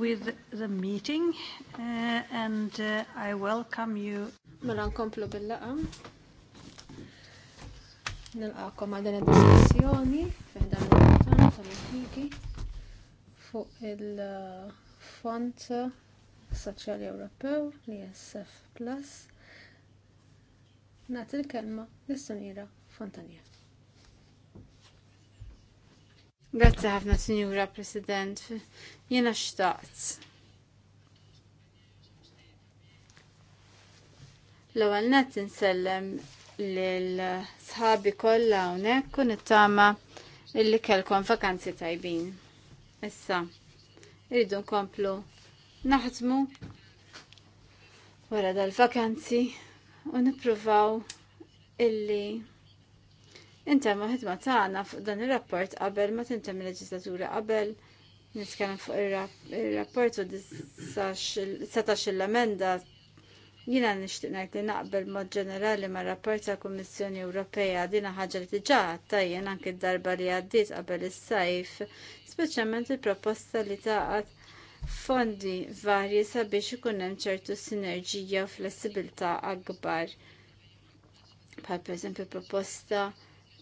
with the meeting uh, and uh, I welcome you. Mela nkomplu bil-laqa. Nilqakom għal din id-diskussjoni fiħdan il-tana tal-impjigi fuq il-Fond Soċjali Ewropew li Plus. Nagħti l-kelma lis-Sunira Fontanier. Grazzi ħafna, Sinjura President. Jena xtaqt. L-ewwel nett insellem lil sħabi kollha hawnhekk u nittama illi kellkom vakanzi tajbin. Issa, irridu nkomplu naħdmu wara dal-vakanzi u nippruvaw illi Intemm ħidma tagħna fuq dan ir-rapport qabel ma tintemm il-leġislatura qabel nitkellem fuq ir-rapport u setax l-emenda Jiena nixtieq ngħid li naqbel mod ġenerali ma' rapport ta' Kummissjoni Ewropea dina ħaġa li diġà tajjeb anke d-darba li għaddiet qabel is-sajf, speċjalment il-proposta li taqgħod fondi varji sabiex ikun hemm ċertu sinerġija u flessibilità akbar. Bħal pereżempju proposta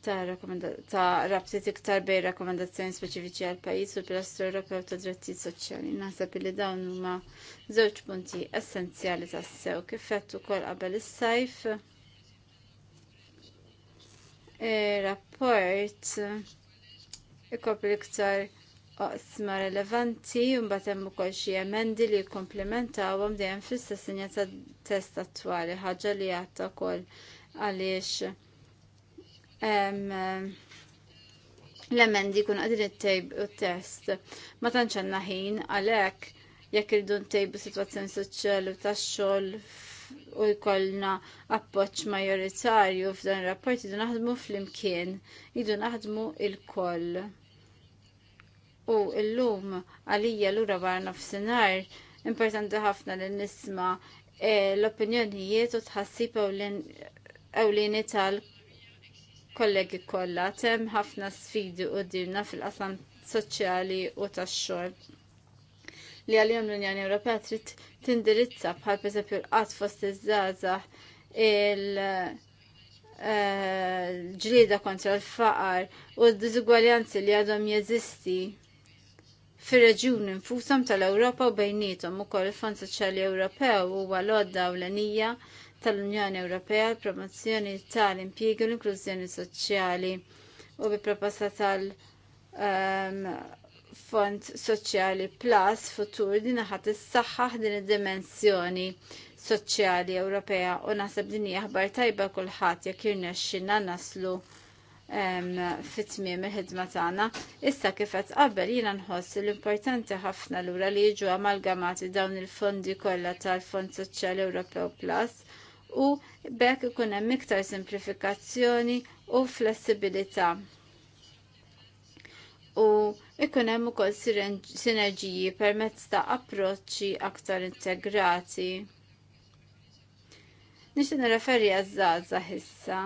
ta' rabtiet iktar bej rakkomandazzjoni speċifiċi għal pajjiż u pilastru Ewropew ta' drittijiet soċjali. Naħseb li dawn huma żewġ punti essenzjali tas-sew kif qed ukoll qabel is-sajf. E, rapport ikopri iktar oqsma relevanti u mbagħad hemm ukoll xi emendi li jkomplementawhom dejjem fl-istess linja tat-test attwali, ħaġa li għadha wkoll għaliex Eh, l-emendi kun għadin il tejb u t-test. Ma tanċanna ħin għalek jekk irridu ntejbu situazzjoni soċjali u tax-xogħol u jkollna appoċ majoritarju f'dan ir-rapport idu naħdmu fl-imkien, idu naħdmu il-koll. U llum għalija l-ura barna f'sinar, importanti ħafna li nisma eh, l-opinjonijiet u tħassib ewlieni tal kollegi kollha hemm ħafna sfidi qudiemna fil-qasam soċjali u tax-xogħol li għal-jom l-Unjoni Ewropea trid tindirizza bħal pereżempju l-qatt fost iż-żgħażagħ il-ġlieda eh, kontra l-faqar u d-diżugwaljanzi li għadhom jeżisti fir-reġjuni nfushom tal-Ewropa u bejnietom ukoll il-Fond Soċjali Ewropew huwa l-għodda ewlenija tal-Unjoni Ewropea l-promozzjoni tal-impjiegi u l-inklużjoni soċjali u bi proposta tal- ehm, Fond Soċjali Plus Futur din is issaħħaħ din id-dimensjoni soċjali Ewropea u naħseb din hija ħbar tajba kulħadd jekk irnexxinna naslu ehm, fit-tmiem il-ħidma tagħna. Issa kif qed qabel jiena nħoss l-importanti ħafna lura li jiġu amalgamati dawn il-fondi kollha tal-Fond Soċjali Ewropew Plus u bekk ikun hemm iktar simplifikazzjoni u flessibilità. U ikun hemm ukoll sinerġiji permezz ta' approċċi aktar integrati. Nixtieq nirreferi għaż-żgħażagħ issa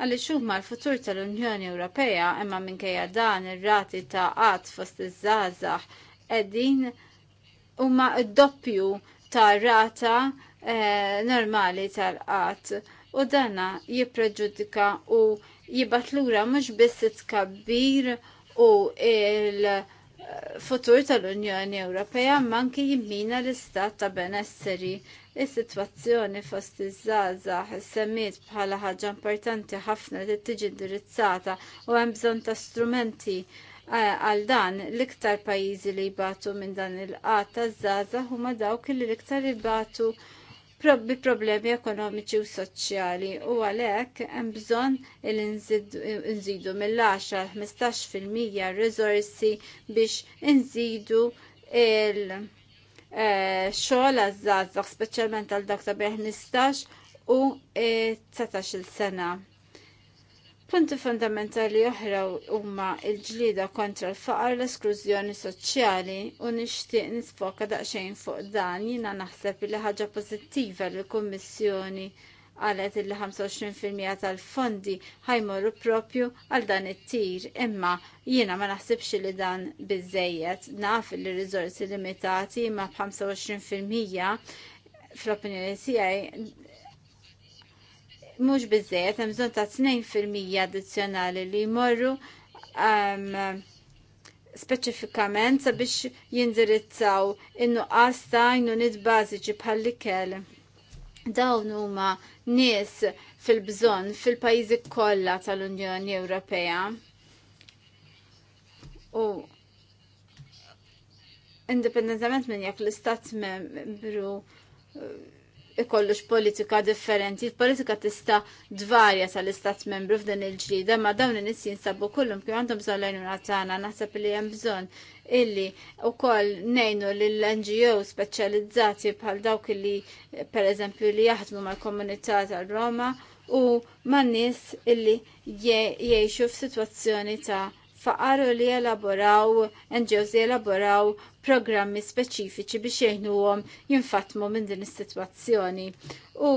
għalli xumma l-futur tal-Unjoni Ewropea imma minkejja dan ir-rati ta' qatt fost iż-żgħażagħ qegħdin huma d-doppju ta' rata Eh, normali tal-qat u dana jippreġudika u jibat lura mhux biss tkabbir u il-futur tal-Unjoni Ewropea manki jimmina l-istat ta' benesseri Is-sitwazzjoni fost iż-żgħażagħ semmiet bħala ħaġa importanti ħafna li tiġi indirizzata u hemm bżonn ta' strumenti eh, għal dan l-iktar pajjiżi li jbatu minn dan il-qat taż-żgħażagħ huma dawk li l-iktar jibatu bi problemi ekonomiċi u soċjali u għalhekk hemm bżonn il nżidu mill-10 15% risorsi biex inżidu il xogħol għaż-żgħażagħ speċjalment għal dak ta' 15 u 19 eh, sena. Punti fundamentali oħra huma l-ġlida kontra l-faqar l-esklużjoni soċjali u nixtieq nisfoka daqsxejn fuq dan jiena naħseb li ħaġa pożittiva li l-Kummissjoni qalet il 25% tal-fondi ħajmorru propju għal dan it-tir, imma jiena ma naħsibx li dan biżejjed naf li riżorsi limitati imma b'25% fl-opinjoni tiegħi mhux biżejjed hemm bżonn ta' 2% addizzjonali li jmorru um, speċifikament sabiex jindirizzaw in-nuqqas ta' jnunit bażiċi bħall-ikel. Dawn huma nies fil-bżonn fil-pajjiżi kollha tal-Unjoni Ewropea. U indipendentament minn jekk l-istat membru ikollux politika differenti, politika tista dvarja tal-istat membru f'dan il-ġlida, ma dawn in-nies jinsabu kullum kif għandhom bżonn lejnuna tagħna, naħseb li hemm bżonn illi wkoll ngħinu lill ngo speċjalizzati bħal dawk li pereżempju li jaħdmu mal-komunità tal-Roma u man-nies illi jgħixu f'sitwazzjoni ta' faqaru li jelaboraw, NGOs li jelaboraw programmi speċifiċi biex jgħinuhom jinfatmu minn din is-sitwazzjoni. U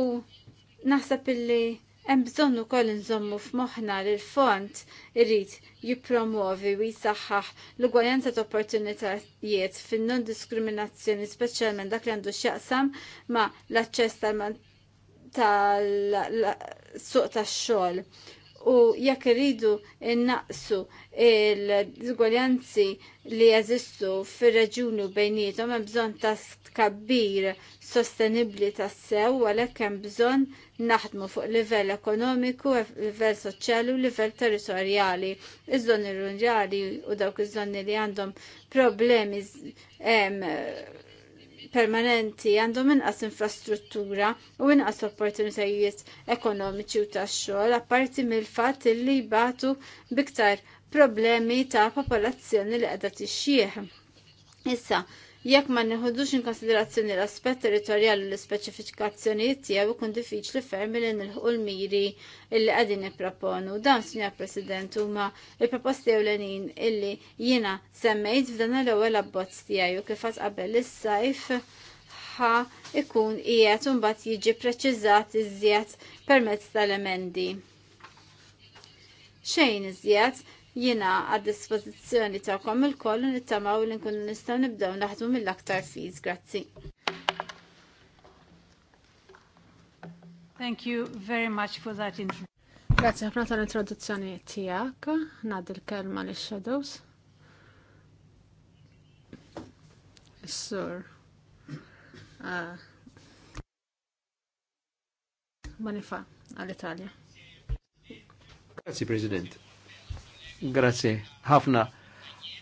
naħseb illi hemm bżonn ukoll inżommu f'moħħna li l-fond irrid jippromuovi u jisaħħaħ l-ugwaljanza ta' opportunitajiet fin-non diskriminazzjoni speċjalment dak li għandu x'jaqsam ma' l-aċċess tal-suq tax-xogħol u jekk irridu innaqsu il-dizgwaljanzi li jeżistu fir u bejnietom hemm bżonn ta' tkabbir sostenibbli tas-sew għalhekk hemm bżonn naħdmu fuq livell ekonomiku, livell soċjali u livell territorjali. Iż-żoni rurali u dawk iż-żoni li għandhom problemi permanenti għandhom inqas infrastruttura u inqas opportunitajiet ekonomiċi u tax-xogħol apparti mill-fatt li jbatu biktar problemi ta' popolazzjoni li qiegħda tixjieħ. Issa, Jekk ma neħodux inkonsiderazzjoni l-aspett territorjali u l-ispeċifikazzjonijiet tiegħu jkun diffiċli ferm li nilħu l-miri illi qegħdin nipproponu. Dan, Sinjor President, huma il-proposti ewlenin illi jiena semmejt f'dan l-ewwel abbozz u kif qabel is-sajf ħa ikun qiegħed u mbagħad jiġi preċiżat iżjed permezz tal-emendi. Xejn iżjed jina għad dispożizzjoni ta'kom il-koll u nittamaw li nkun nistaw nibdew naħdmu mill-aktar fiż. Grazzi. Thank you very much for that introduction. Grazzi ħafna tal-introduzzjoni tijak, Ngħaddi il kelma li shadows sur Manifa ah. għall-Italja. Grazzi President. Grazie ħafna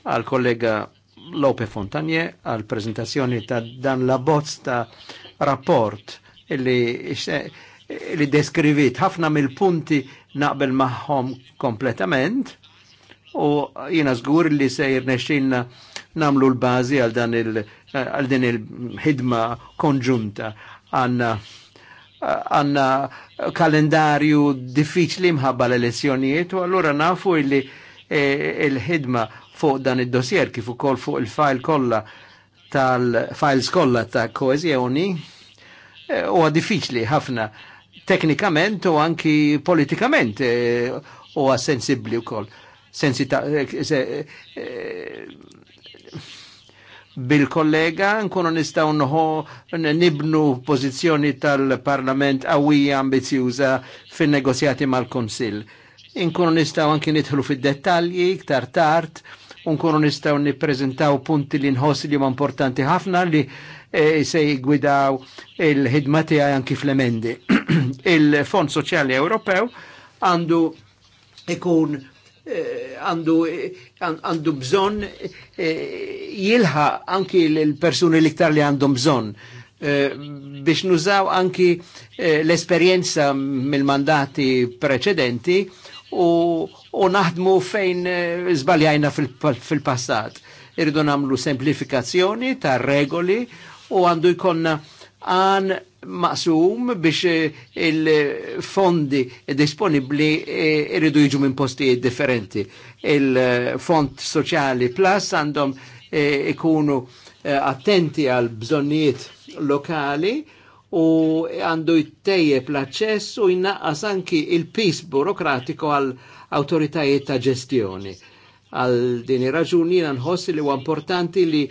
għal kollega Lope Fontanje għal prezentazzjoni ta' dan la bozz ta' rapport illi, li deskrivit ħafna mill-punti naqbel maħħom kompletament u jina zgur li sejr nexxilna namlu l-bazi għal dan il- għal din il-ħidma konġunta għanna għanna kalendarju diffiċli mħabba l-elezzjonijiet u allura nafu illi E, il-ħidma fuq dan id-dossier kif ukoll fuq il-file kollha tal-files kollha ta' koeżjoni e, huwa diffiċli ħafna teknikament u anki politikament e, huwa sensibbli wkoll. Sensita bil-kollega nkunu nistaw nħu nibnu pożizzjoni tal-parlament qawwija ambizjuża fin negozjati mal-Konsil inkunu nistaw anki nidħlu fid-dettalji iktar tard, unkunu nistaw nippreżentaw punti li nħoss li huma importanti ħafna li e, se jgwidaw il-ħidma tiegħi anki fl-emendi. Il-Fond Soċjali Ewropew għandu ikun e, għandu e, għandu bżon jilħa anki l-persuni liktar li għandhom bżon biex nużaw anki l-esperienza mill-mandati preċedenti u naħdmu fejn eh, zbaljajna fil-passat. Irridu namlu semplifikazzjoni ta' regoli u għandu jkonna għan maqsum biex eh, il-fondi disponibli eh, irridu jiġu minn postijiet differenti. Il-fond soċjali plus għandhom ikunu attenti għal bżonnijiet lokali u għandu jtteje plaċess u jnaqqas anki il-pis burokratiku għal autoritajiet ta' ġestjoni. Għal dini raġuni jina nħossi li huwa importanti li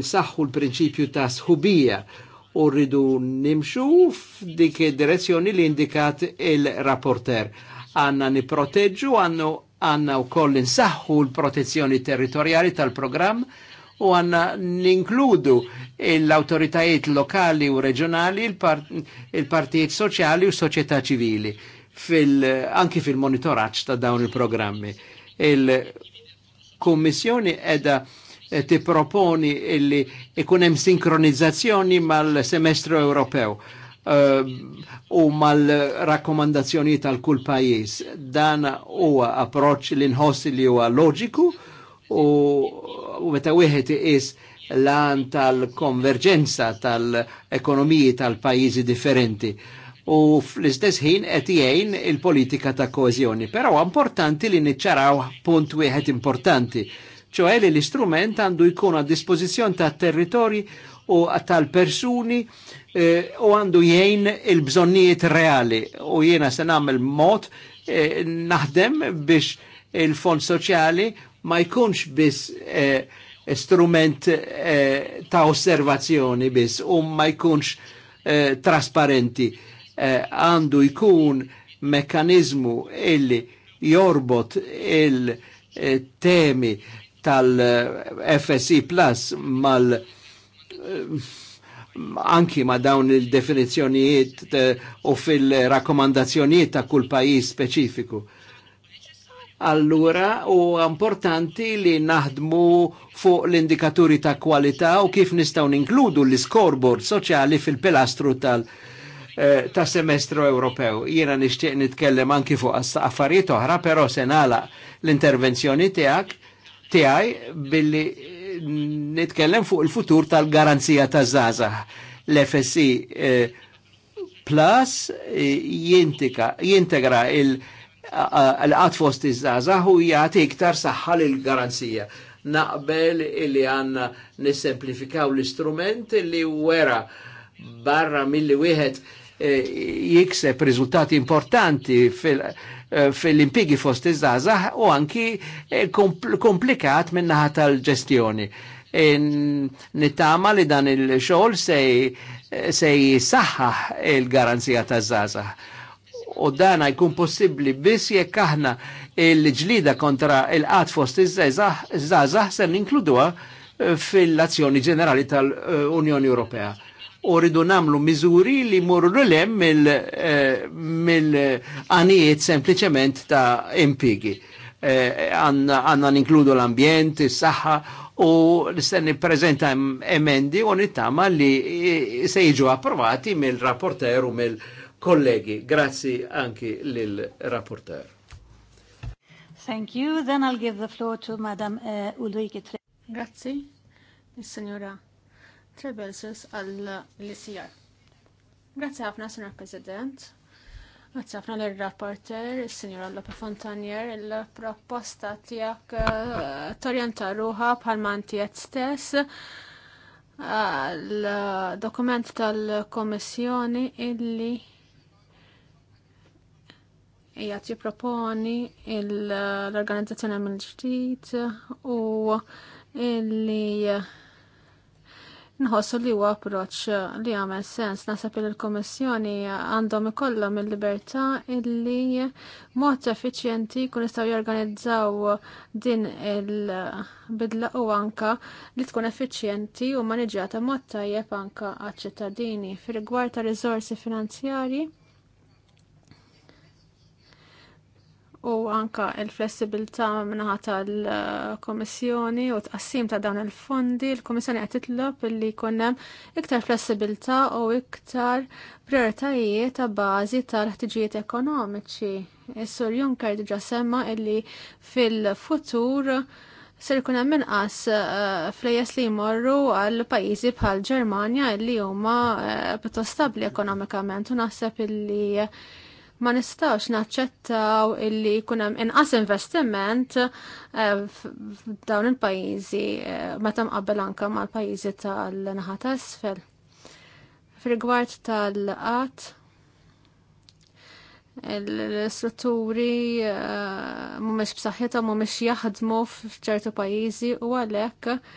nsaħħu l-prinċipju ta' sħubija u rridu nimxu f'dik direzzjoni li indikat il-rapporter. Għanna niproteġu, għanna u koll nsaħħu l-protezzjoni territoriali tal-programm u għanna ninkludu l-autoritajiet lokali u reġjonali, il-partijiet soċjali u soċjetà ċivili fil, anki fil-monitoraċ ta' dawn il-programmi. Il-Kommissjoni edha ti proponi illi ikunem sinkronizzazzjoni mal-semestru Ewropew eh, u mal-rakkomandazzjoni tal-kull pajis. Dan huwa approċċ li nħossi li huwa loġiku u meta wieħed is lan tal-konverġenza tal-ekonomiji tal-pajjiżi differenti u fl-istess ħin qed il-politika ta' koeżjoni. Però importanti li niċċaraw punt wieħed importanti, ċoħe li l-istrument għandu jkun għad dispożizzjoni ta' territori u tal-persuni eh, u għandu jgħin il-bżonnijiet reali u jiena se nagħmel mod eh, naħdem biex il-fond soċjali ma jkunx biss eh, strument eh, ta' osservazzjoni biss u ma jkunx eh, trasparenti. Eh, għandu jkun mekkanizmu illi jorbot il-temi eh, tal-FSI Plus mal eh, anki ma dawn il-definizjonijiet u fil-rakkomandazzjonijiet ta' kull pajis speċifiku allura u importanti li naħdmu fuq l-indikaturi ta' kwalità u kif nistgħu ninkludu l-scoreboard soċjali fil-pilastru tal- eh, ta' semestru Ewropew. Jiena nixtieq nitkellem anki fuq affarijiet oħra, però se nagħlaq l-intervenzjoni tiegħek tiegħi billi mm, nitkellem fuq il-futur tal-garanzija ta' żgħażagħ. L-FSI eh, Plus eh, jintika, jintegra il- l fost iż-żazax u jgħati iktar saħħal il garanzija. Naqbel illi għanna nissemplifikaw l-istrument li wera barra mill-li wieħed eh, jikseb riżultati importanti fil- eh, impigi fost iż-żazax u anki eh, komplikat minnaħa tal-ġestjoni. Nittama li dan il-xogħol se saħħa il-garanzija taż-żazax u dana jkun possibli biss jekk aħna il-ġlida kontra il-qat fost iż-żgħażagħ se ninkluduha eh, fil-azzjoni ġenerali tal-Unjoni Ewropea u rridu namlu miżuri li morru l-lem mill-għanijiet eh, mil sempliciment ta' impigi. Eh, għanna ninkludu l-ambjent, is-saħħa u l-istenni prezenta emendi u nittama li se jiġu approvati mill-rapporter u mill-rapporter kollegi. Grazzi anki lil rapporteur. Thank you. Then I'll give the floor to Madam uh, Ulrike Tre. Grazzi, signora Trebelsus għall-LCR. Grazzi ħafna, signor President. Grazie ħafna l-rapporter, signora Lope Fontanier, il proposta tijak uh, torjenta ruħa bħal stess l-dokument tal-Komissjoni illi hija tipproponi l-organizzazzjoni mill-ġdid u li nħossu li huwa approċċ li għamel sens nasab li l-Kommissjoni għandhom ikollhom il-libertà illi mod effiċjenti kun jistgħu jorganizzaw din il-bidla u anka li tkun effiċjenti u maniġjata mod tajjeb anka għaċ-ċittadini fir-rigward ta' riżorsi finanzjarji u anka il-flessibilità minnaħa tal-Komissjoni u tqassim ta' dawn il-fondi, il-Komissjoni qed titlob li jkun hemm iktar flessibilità u iktar prioritajiet ta' bażi tal-ħtiġijiet ekonomiċi. Is-Sur Juncker diġà semma illi fil-futur ser jkun hemm inqas eh, flejes li jmorru għal pajjiżi bħal Ġermanja li huma eh, pjuttost stabbli ekonomikament u naħseb illi ma nistax naċċettaw illi jkun hemm inqas investiment eh, f'dawn il-pajjiżi eh, meta mqabbel anke mal-pajjiżi tal-naħa isfel. F'rigward tal-qatt l-istrutturi eh, mhumiex b'saħħitha mhumiex jaħdmu f'ċertu pajjiżi u għalhekk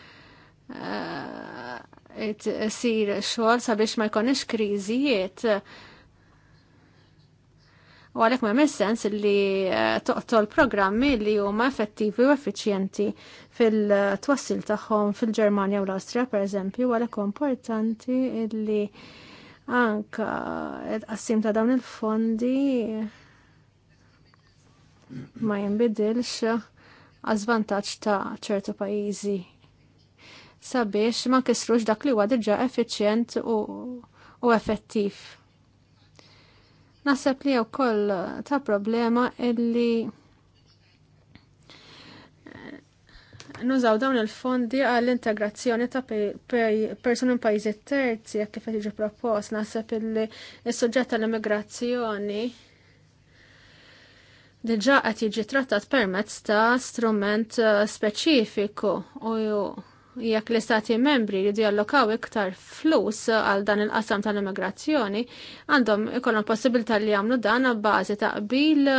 isir xogħol sabiex ma jkunx kriżijiet u għalhekk ma sens li eh, toqtol programmi li huma effettivi u effiċjenti fil-twassil tagħhom fil-Ġermanja u l-Awstrija pereżempju u għalhekk importanti li anka għassim ta' dawn il-fondi ma jinbidilx għazvantaċ ta' ċertu pajjiżi sabiex ma kisrux dak li huwa diġà effiċjent u, u effettiv. Nasab li wkoll ta' problema illi eh, nużaw dawn il-fondi għall-integrazzjoni ta' persuni pajjiżi terzi jekk kif jiġi propos, naħseb illi s-suġġett tal-immigrazzjoni diġa' qed jiġi trattat permezz ta' strument eh, speċifiku u jekk l-istati membri li diallokaw iktar flus għal dan il-qasam tal-immigrazzjoni, għandhom ikollhom possibilità li jagħmlu dan bażi ta' qbil u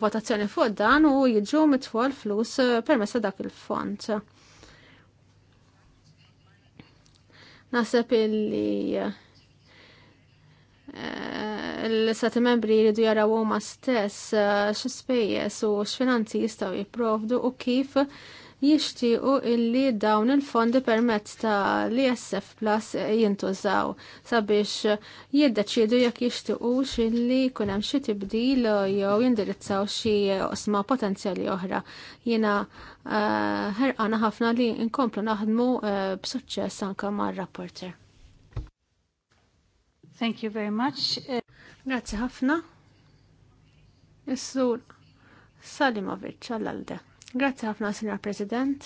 votazzjoni fuq dan u jiġu mitfol flus permezz ta' dak il-fond. Naseb illi eh, l-istati membri jridu jaraw huma stess eh, x'spejjeż u x'finanzi jistgħu jipprovdu u kif jixtiequ illi dawn il-fondi permezz ta' l-ISF Plus jintużaw sabiex jiddeċiedu jekk jixtiequx illi jkun hemm xi tibdil jew jindirizzaw xi osma potenzjali oħra. Jiena eh, ħerqana ħafna li nkomplu naħdmu eh, b'suċċess anke mar-rapporter. Thank you very much. Grazie ħafna. Is-sur Salimovic għall-għalde. Grazzi ħafna, Signor President.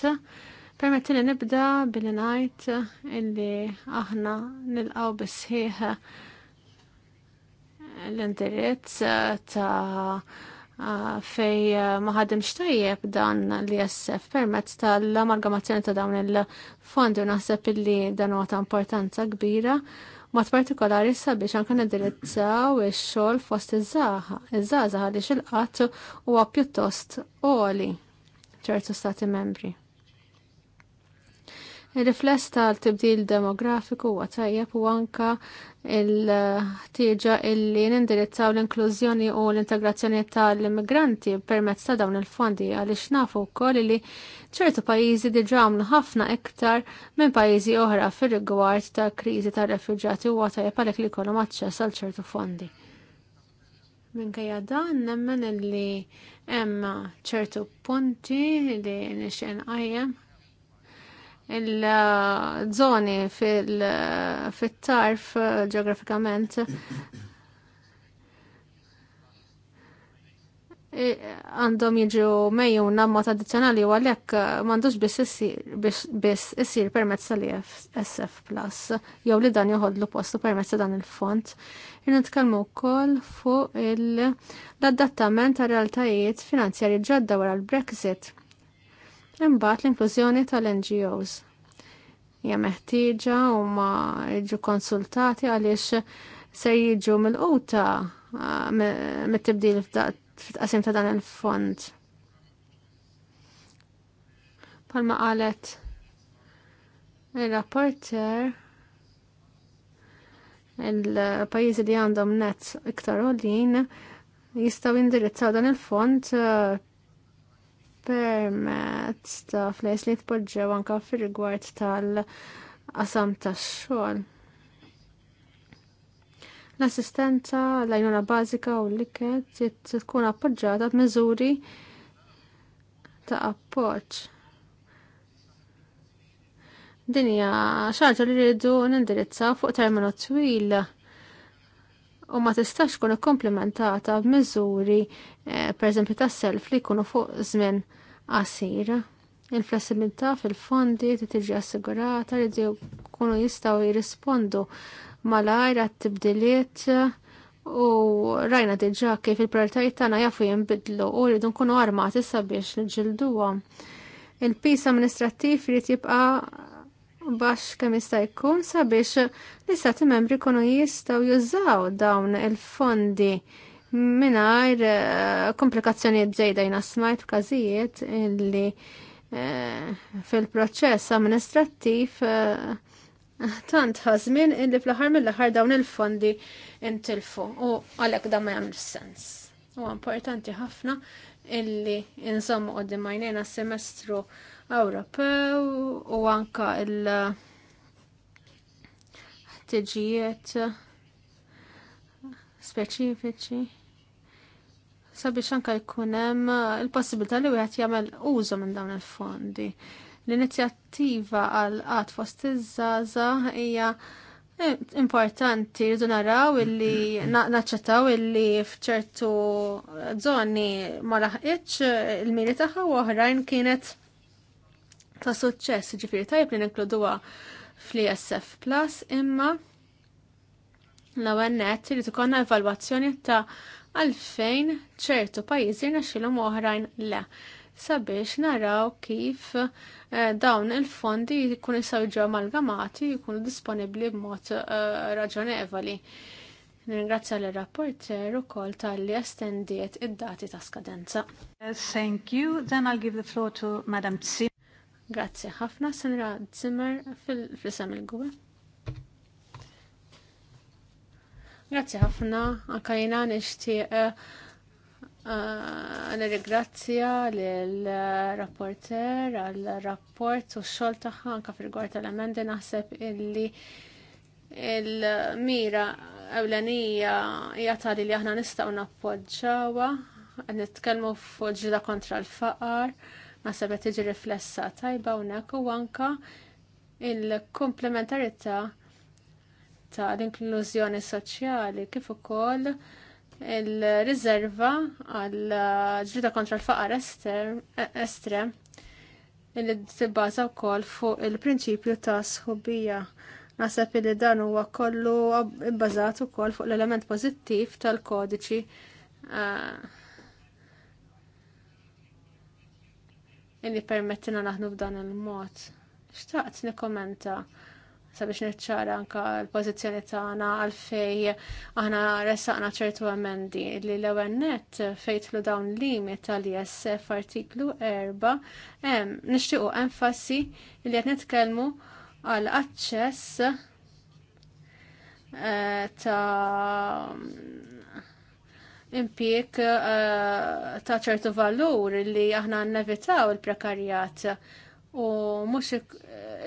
Permettini nibda billi ngħid illi aħna nilqgħu bisħiħ l-indirizz ta' fej maħadim xtajjeb dan li jessef permezz tal-amalgamazzjoni ta' dawn il-fondi u naħseb illi dan huwa ta' importanza kbira mat partikolari sabiex anka nindirizzaw ix-xogħol fost iż-żgħażagħ li xilqat huwa pjuttost għoli ċertu stati membri. Il-rifless tal-tibdil demografiku huwa tajjeb u anka il-ħtieġa illi nindirizzaw l-inklużjoni u l-integrazzjoni tal-immigranti permezz ta' dawn il-fondi għaliex nafu wkoll li ċertu pajjiżi diġà għamlu ħafna iktar minn pajjiżi oħra fir-rigward ta' kriżi tar-refuġjati huwa tajjeb għalhekk li jkollhom aċċess għal ċertu fondi. Minkejja dan nemmen illi Emma ċertu punti li nixen għajem il-żoni fil-tarf ġeografikament e, għandhom jiġu meju namma tradizjonali u għalek mandux biss issir permezz tal SF Plus jew li dan joħodlu postu permezz dan il-font. Nitkellmu wkoll fuq l-adattament ta' realtajiet finanzjarji ġodda wara l-Brexit. Imbagħad l-inklużjoni tal-NGOs. Hija meħtieġa u ma jiġu konsultati għaliex se jiġu mill-quta ah, mit-tibdil f'tqasim ta' dan il-fond. Palma qalet il-rapporter il-pajjiżi li għandhom net iktar għolin jistaw indirizzaw dan il-font uh, permezz ta' flejs li tpoġġew anka fir-rigward tal-qasam tax-xogħol. L-assistenza l-għajnuna bażika u l-iket tkun appoġġata b'miżuri ta' appoġġ. Dinja xaġa li rridu nindirizza fuq terminu twil u ma tistax kun ikkomplementata b'miżuri eh, pereżempju tas-self li jkunu fuq żmien qasir. Il-flessibilità fil-fondi tiġi assigurata li jkunu jistgħu jirrispondu malajr għat-tibdiliet u rajna diġà kif il-prioritajiet tagħna jafu jinbidlu u rridu nkunu armati sabiex niġilduha. Il-pis amministrattiv jrid jibqa' Bax kemm jista' jkun sabiex l-istati membri kunu jistgħu jużaw dawn il-fondi mingħajr eh, komplikazzjonijiet ġejda jina smajt f'każijiet illi eh, fil-proċess amministrattiv eh, tant ħażmin illi fl-aħħar mill-aħħar dawn il-fondi intilfu u għalhekk dan ma jagħmel sens. U importanti ħafna illi insommu qoddim majnejna semestru semestru Ewropew u anka il ħtiġijiet speċifiċi sabiex anka jkun hemm il-possibilità li wieħed jagħmel użu minn dawn il-fondi. L-inizjattiva għal qat fost iż-żaża hija Importanti, rridu naraw illi naċċettaw illi fċertu żoni ma laħqitx il-miri tagħha u oħrajn kienet ta' suċċess, ġifiri tajb li ninkluduha fl-ISF Plus, imma l-ewwel nett irid ikollna evalwazzjoni ta' għalfejn ċertu pajjiżi naxxilhom oħrajn le sabiex naraw kif eh, dawn il-fondi jkun jisawġu amalgamati jkunu disponibli b'mod eh, raġonevoli. Nirringrazzja l rapporter u kol tal-li estendiet id-dati ta' skadenza. Thank you. Then I'll give the floor to Madam Tsi. Grazzi ħafna, Senra Zimmer fil-fisem il-gwe. Grazzi ħafna, anka jina nishtiq eh, eh, nirrigrazzja l-rapporter għal-rapport u x-xol anka fil-gwar tal-emendi naħseb illi il-mira ewlenija hija tali li aħna nistgħu nappoġġawha, nitkellmu fuq ġida kontra l-faqar nasab tiġi riflessa tajba hawnhekk u anka il komplementarita ta' l-inklużjoni soċjali kif ukoll il-riserva għal ġrida kontra l-faqar estrem li tibbaza wkoll fuq il-prinċipju ta' sħubija. Nasab li dan huwa kollu bbażat ukoll fuq l-element pożittiv tal-kodiċi eh, illi permettina naħnu f'dan il-mod. Xtaqt nikkommenta sabiex nirċara anka l-pozizjoni tagħna għalfej aħna ressaqna ċertu emendi li l-ewwel nett fejtlu dawn limit tal-ISF artiklu 4 hemm nixtiequ enfasi li qed nitkellmu għal aċċess eh, ta' impjek eh, ta' ċertu valur li aħna nevitaw il-prekarjat u mux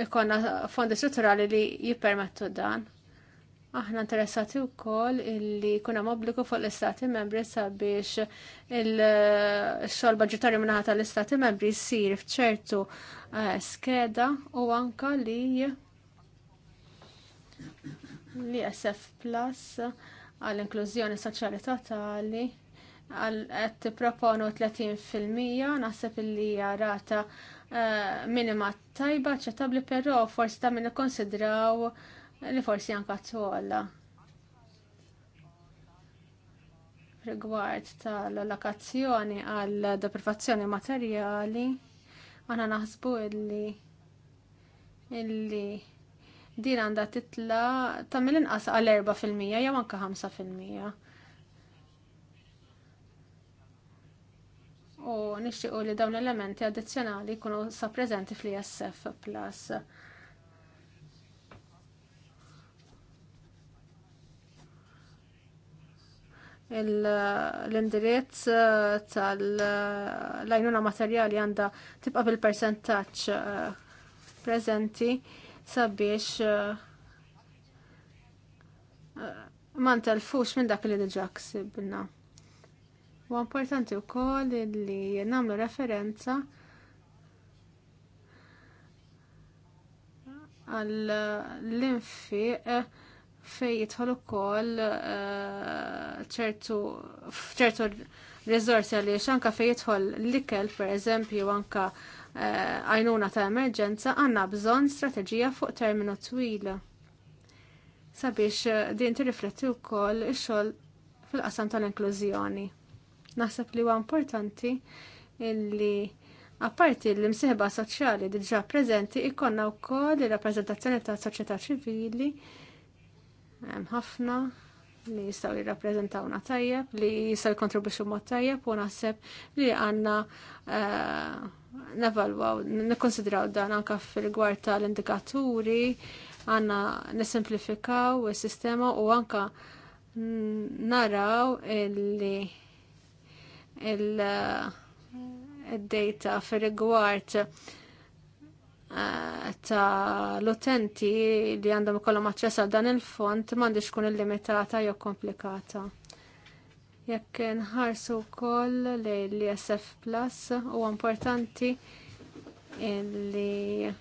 ikonna fondi strutturali li jippermettu dan. Aħna interessati u koll illi kuna obbligu fuq l-istati membri sabiex il-xol budgetarju minnaħa tal-istati membri sir fċertu eh, skeda u anka li li SF Plus għall-inklużjoni soċjali totali qed tipproponu 30% naħseb illi hija rata eh, minima tajba aċċettabbli però forsi ta' min ikkonsidraw li forsi anka twolla. Rigward tal-allokazzjoni għal deprivazzjoni materjali, għana naħsbu illi illi din għandha titla ta' mill-inqas għal 4% jew anke 5%. U nixtiequ li dawn l-elementi addizzjonali jkunu sa' prezenti fl-ISF Plus. l-indirizz eh, tal-lajnuna materjali għanda tibqa bil-percentaċ eh, prezenti sabiex eh, ma ntelfux minn dak li diġa ksibna. U importanti wkoll li nagħmlu referenza għall-infiq eh, fej jidħol ukoll eh, ċertu ċertu riżorsi għaliex anke fejn jidħol l-ikel pereżempju anke Eh, għajnuna ta' emerġenza għandna bżonn strateġija fuq terminu twila Sabiex eh, din tirrifletti wkoll ix-xogħol fil-qasam tal-inklużjoni. Naħseb li huwa importanti illi apparti l-imsieħba soċjali diġà preżenti ikonna wkoll ir-rappreżentazzjoni tas soċjetà ċivili hemm ħafna li jistaw jirrappreżentawna tajjeb, li jistaw jkontribuxu mod tajjeb u naħseb li għanna uh, eh, nevalwaw, nikkonsidraw dan anka fil-gwar tal-indikaturi, għanna nesimplifikaw il-sistema u anka naraw illi il-data fil-rigward eh, ta' l-utenti li għandhom ikollhom aċċess għal dan il-font m'għandix tkun illimitata jew komplikata jekk nħarsu wkoll lejn li SF Plus huwa importanti li eh,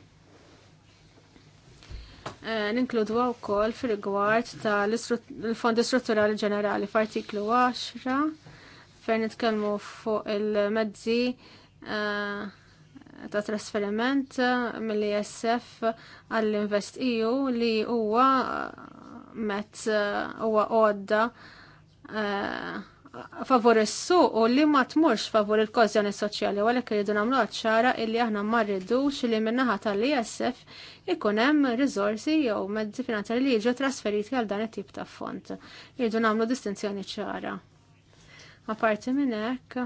ninkludu wkoll fil-rigward tal-Fondi Strutturali Ġenerali f'artiklu 10 fejn nitkellmu fuq il-mezzi eh, ta' trasferiment mill-ISF għall-Invest EU li huwa mezz huwa għodda eh, favor is-suq u li ma tmurx favor il-kożjoni soċjali u għalhekk irridu nagħmlu ċara illi aħna ma rridux li min-naħa tal-ISF ikun hemm riżorsi jew mezzi finanzjari li jiġu trasferiti għal dan it-tip ta' fond. Irridu nagħmlu distinzjoni ċara. Aparti minn hekk.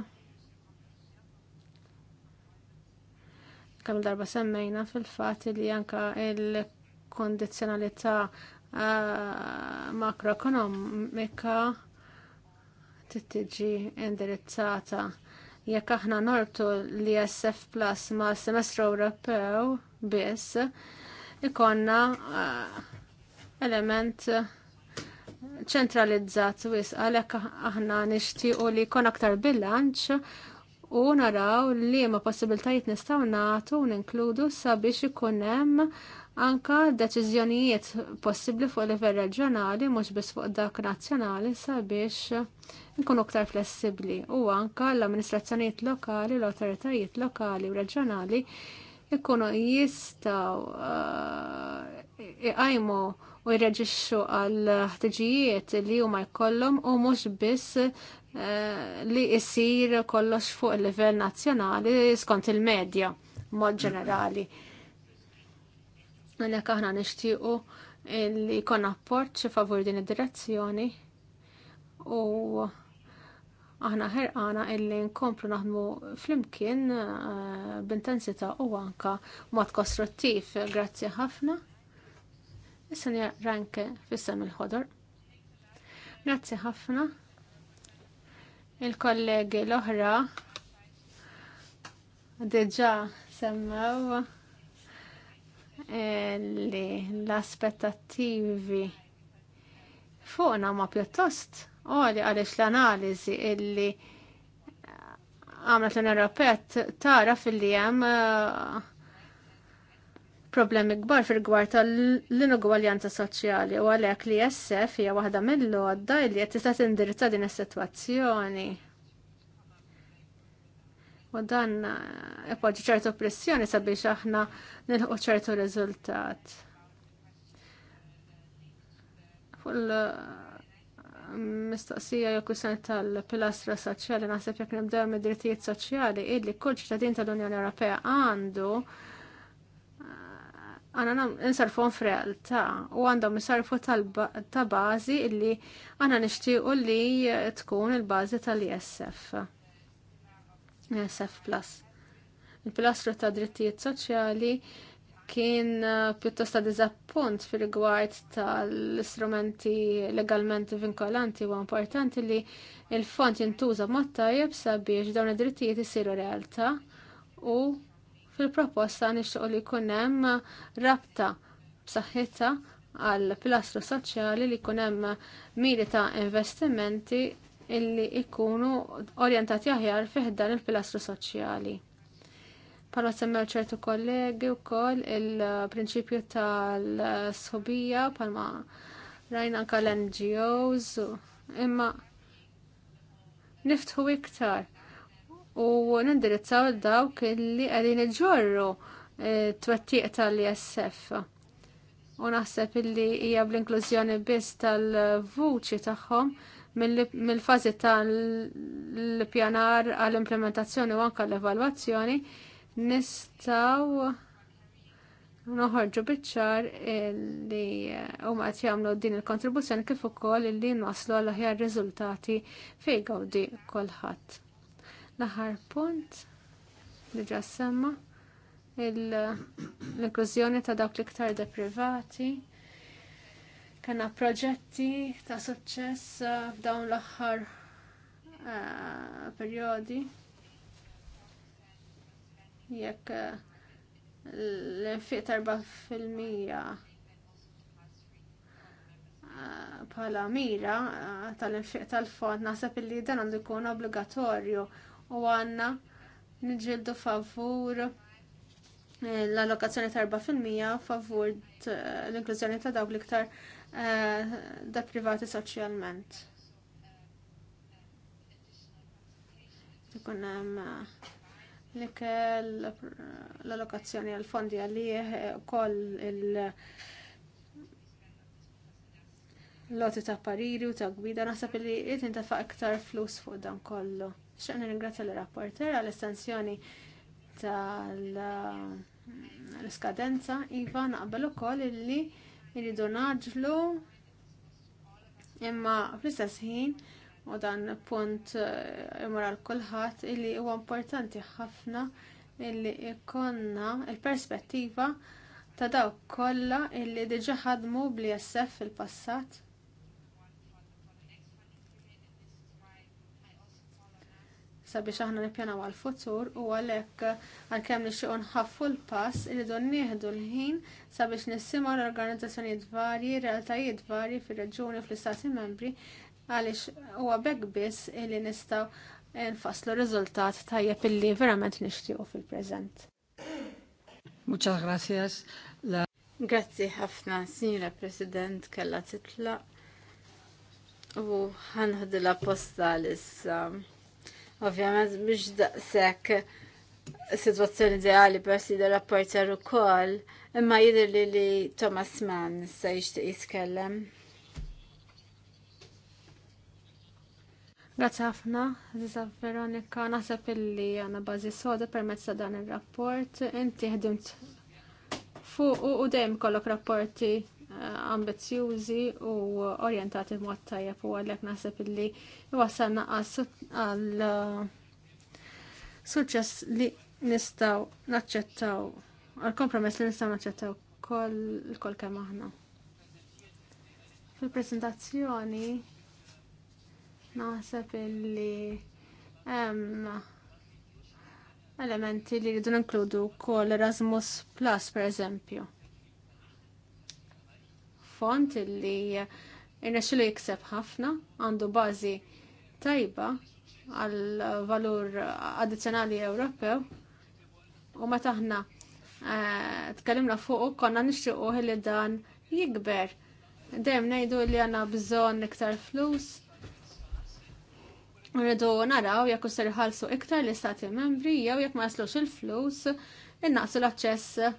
Kemm darba semmejna fil-fatt li anka il-kondizzjonalità eh, makroekonomika tittiġi indirizzata jekk aħna nortu li SF Plus ma semestru Ewropew biss ikonna eh, element eh, ċentralizzat wis għalhekk aħna nixtiequ li jkun aktar bilanċ u naraw li ma possibiltajiet nistaw natu inkludu sabiex ikun hemm anka deċizjonijiet possibbli fuq livell reġjonali mhux biss fuq dak nazzjonali sabiex nkunu aktar flessibbli u anka l-amministrazzjonijiet lokali, l-awtoritajiet lokali u reġjonali ikunu jistaw eh, iqajmu u jreġixxu għal ħtiġijiet li huma jkollhom u mhux biss Eh, li jisir kollox fuq il-livell nazzjonali skont il-medja mod ġenerali. Għalek aħna nishtiqu li kon apport xe favur din id-direzzjoni u aħna ħerqana illi nkomplu naħdmu flimkien eh, b'intensità u anka mod kostruttiv. Grazzi ħafna. Issa ranke fissem il-ħodor. Grazzi ħafna. Il-kollegi l-oħra deġa semmew eh, li l-aspettativi fuqna ma pjuttost għali għalix l-analizi illi għamlet l-Europea tara fil-li jem uh, eh, problemi kbar fil-gwar tal-inugwaljanza soċjali u għalhekk li jessef hija waħda mill-lodda li qed tista' tindirizza din is-sitwazzjoni. U dan ipoġġi ċertu pressjoni sabiex aħna nilħu ċertu riżultat. mistoqsija jew kwistjoni tal-pilastra soċjali naħseb jekk nibdew mid-drittijiet soċjali illi kull ċittadin tal-Unjoni Ewropea għandu għana nsarfon f'realtà u għandhom isarfu ta' bażi illi għana nixtiequ li tkun il-bażi tal-ISF. ISF Plus. Il-pilastru ta' drittijiet soċjali kien eh, pjuttost ta' diżappunt fil-rigward tal-istrumenti legalment vinkolanti u importanti li il font jintuża mod tajjeb sabiex dawn id-drittijiet isiru realtà u Fil-proposta nixtieq li jkun hemm rabta b'saħħitha għal pilastru soċjali li jkun hemm miri ta' investimenti illi jkunu orientati aħjar fih dan il-pilastru soċjali. Palma semmel ċertu kollegi wkoll il-prinċipju tal-sħobija palma rajna anka l-NGOs imma niftħu iktar u nindirizzaw dawk li għadin iġorru eh, twettiq tal-ISF. U naħseb illi hija bl-inklużjoni biss tal-vuċi tagħhom mill-fażi tal-pjanar għall-implementazzjoni u anke l-evalwazzjoni nistgħu noħorġu biċċar li eh, huma qed jagħmlu din il-kontribuzzjoni kif ukoll li naslu għall aħjar riżultati fejn gawdi kulħadd. L-aħħar punt li ġasemma semma l-inklużjoni ta' dawk l-iktar deprivati. kena proġetti ta' suċċess eh, f'dawn l-aħħar eh, periodi. Jekk eh, l-infiq tarba fil-mija bħala mira tal-infiq tal-fond naħseb illi dan għandu jkun obbligatorju u għanna nġildu favur eh, l-allokazzjoni ta' 4% favur eh, l-inklużjoni ta' dawk liktar eh, da' privati soċjalment. Ikun hemm l-allokazzjoni għal fondi għalih ukoll il- loti ta' pariri u ta' gwida naħseb li jitintafaq iktar flus fuq dan kollu. Xaqna ringrazja l-rapporter għal-estensjoni tal-skadenza. Eh, iva, naqbel ukoll illi irridu naġlu imma fl-istess ħin u dan punt eh, imur għal kulħadd illi huwa importanti ħafna illi ikonna il-perspettiva ta' dawk kollha illi diġà ħadmu bli jessef fil-passat sabiex aħna nippjanaw għal-futur u għalhekk għalkemm nixtiequ nħaffu l-pass iridu nieħdu l-ħin sabiex nisimgħu l-organizzazzjonijiet varji, realtajiet varji fir-reġuni fl-istati membri għaliex huwa bekk biss li nistgħu nfasslu riżultat tajjeb illi verament nixtiequ fil-preżent. Muchas gracias. La... Grazzi ħafna, Sinjora President, kella titla u ħanħdu la posta l-issa. Ovvjament biex daqshekk situazzjoni ideali persi da rapporter ukoll, imma jidher li li Thomas Mann sa jixtieq jiskellem. Grazie ħafna, Zisa Veronika, naħseb illi għana bazi soda permezz ta' dan il-rapport. Inti ħedimt fuq u dejjem kollok rapporti ambizzjużi u orjentati mod tajjeb u għallek nasib illi wasalna għal uh, suċċess li nistaw naċċettaw għal kompromess li nistaw naċċettaw kol kemm aħna. fil prezentazzjoni naħseb illi hemm elementi li jridu nkludu kol Erasmus Plus per eżempju font illi li jikseb ħafna, għandu bażi tajba għal valur addizzjonali Ewropew u ma aħna eh, tkellimna fuq konna nixtiequ li dan jikber. Dejjem ngħidu li għandna bżonn iktar flus. Rridu naraw jekk ser ħalsu iktar l-istati membri jew jekk ma jaslux il-flus innaqsu l-aċċess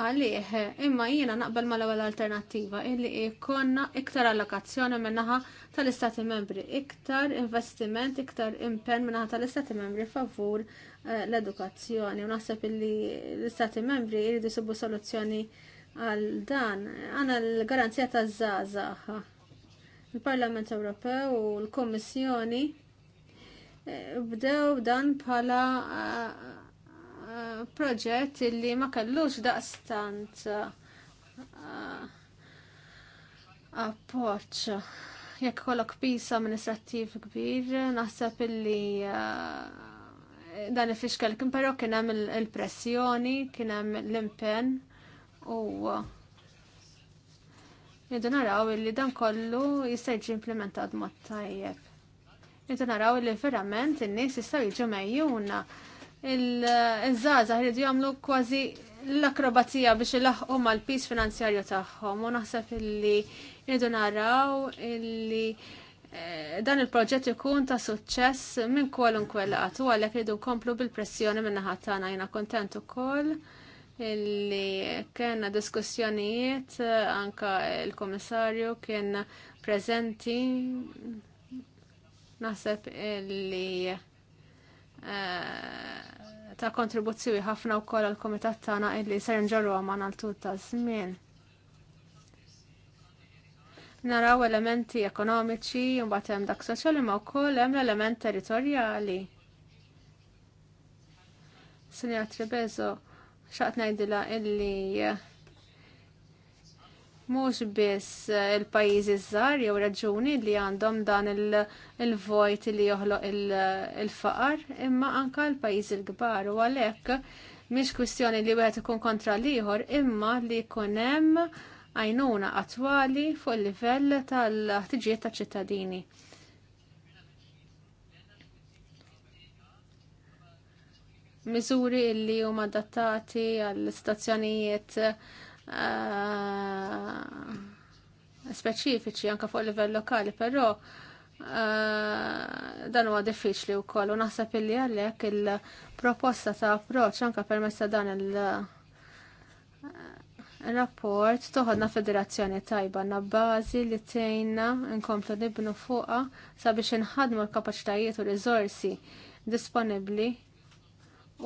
għalih, imma jiena naqbel ma l-ewwel alternattiva illi jkollna iktar allokazzjoni minnaħa tal-Istati Membri, iktar investiment, iktar impenn minnaħa tal-Istati Membri favur eh, l-edukazzjoni. U naħseb illi l-Istati Membri jridu jsibu soluzzjoni għal dan. Għana l-garanzija ta' zazax. Il-Parlament Ewropew u l-Kommissjoni eh, bdew dan bħala eh, proġett li ma kellux daqstant uh, appoċ. Jekk kollok pisa amministrattiv kbir, naħseb illi uh, dan ifix kien però kien hemm il-pressjoni, kien hemm l-impenn u uh, jiddu naraw li dan kollu jista' jiġi implementat mod tajjeb. Jiddu naraw li verament in-nies jistgħu jiġu mejjuna il-żaza ħridu jagħmlu kważi l-akrobazija biex ilaħqu mal-pis finanzjarju tagħhom u naħseb illi rridu naraw illi eh, dan il-proġett ikun ta' suċċess minn kwalunkwe laqat u għalhekk jridu nkomplu bil-pressjoni minn naħa tagħna jiena kontent ukoll illi kena diskussjonijiet eh, anka il-komissarju kien prezenti naħseb illi Eh, ta' kontribuzzjoni ħafna wkoll għall kumitat tagħna illi ser nġorruha ma' naltut ta' żmien. Naraw elementi ekonomiċi, mbagħad hemm dak soċjali ma' wkoll hemm l-element territorjali. Sinja Tribezo, xaqt ngħidilha illi mhux biss eh, il-pajjiżi żgħar jew raġuni li għandhom dan il-vojt li joħloq il-faqar, imma anka l-pajjiżi l-kbar u għalhekk mhix kwistjoni li wieħed ikun kontra lieħor imma li jkun hemm għajnuna attwali fuq il-livell tal-ħtiġijiet taċ ċittadini. Miżuri li huma adattati għall istazzjonijiet Ah, speċifiċi anka fuq livell lokali, però ah, dan huwa diffiċli wkoll u naħseb illi għalhekk il-proposta ta' approċċ anke permezz ta' dan il- rapport toħodna federazzjoni tajba na bażi li tgħinna nkomplu nibnu fuqha sabiex inħadmu l-kapaċitajiet u r-rizorsi disponibbli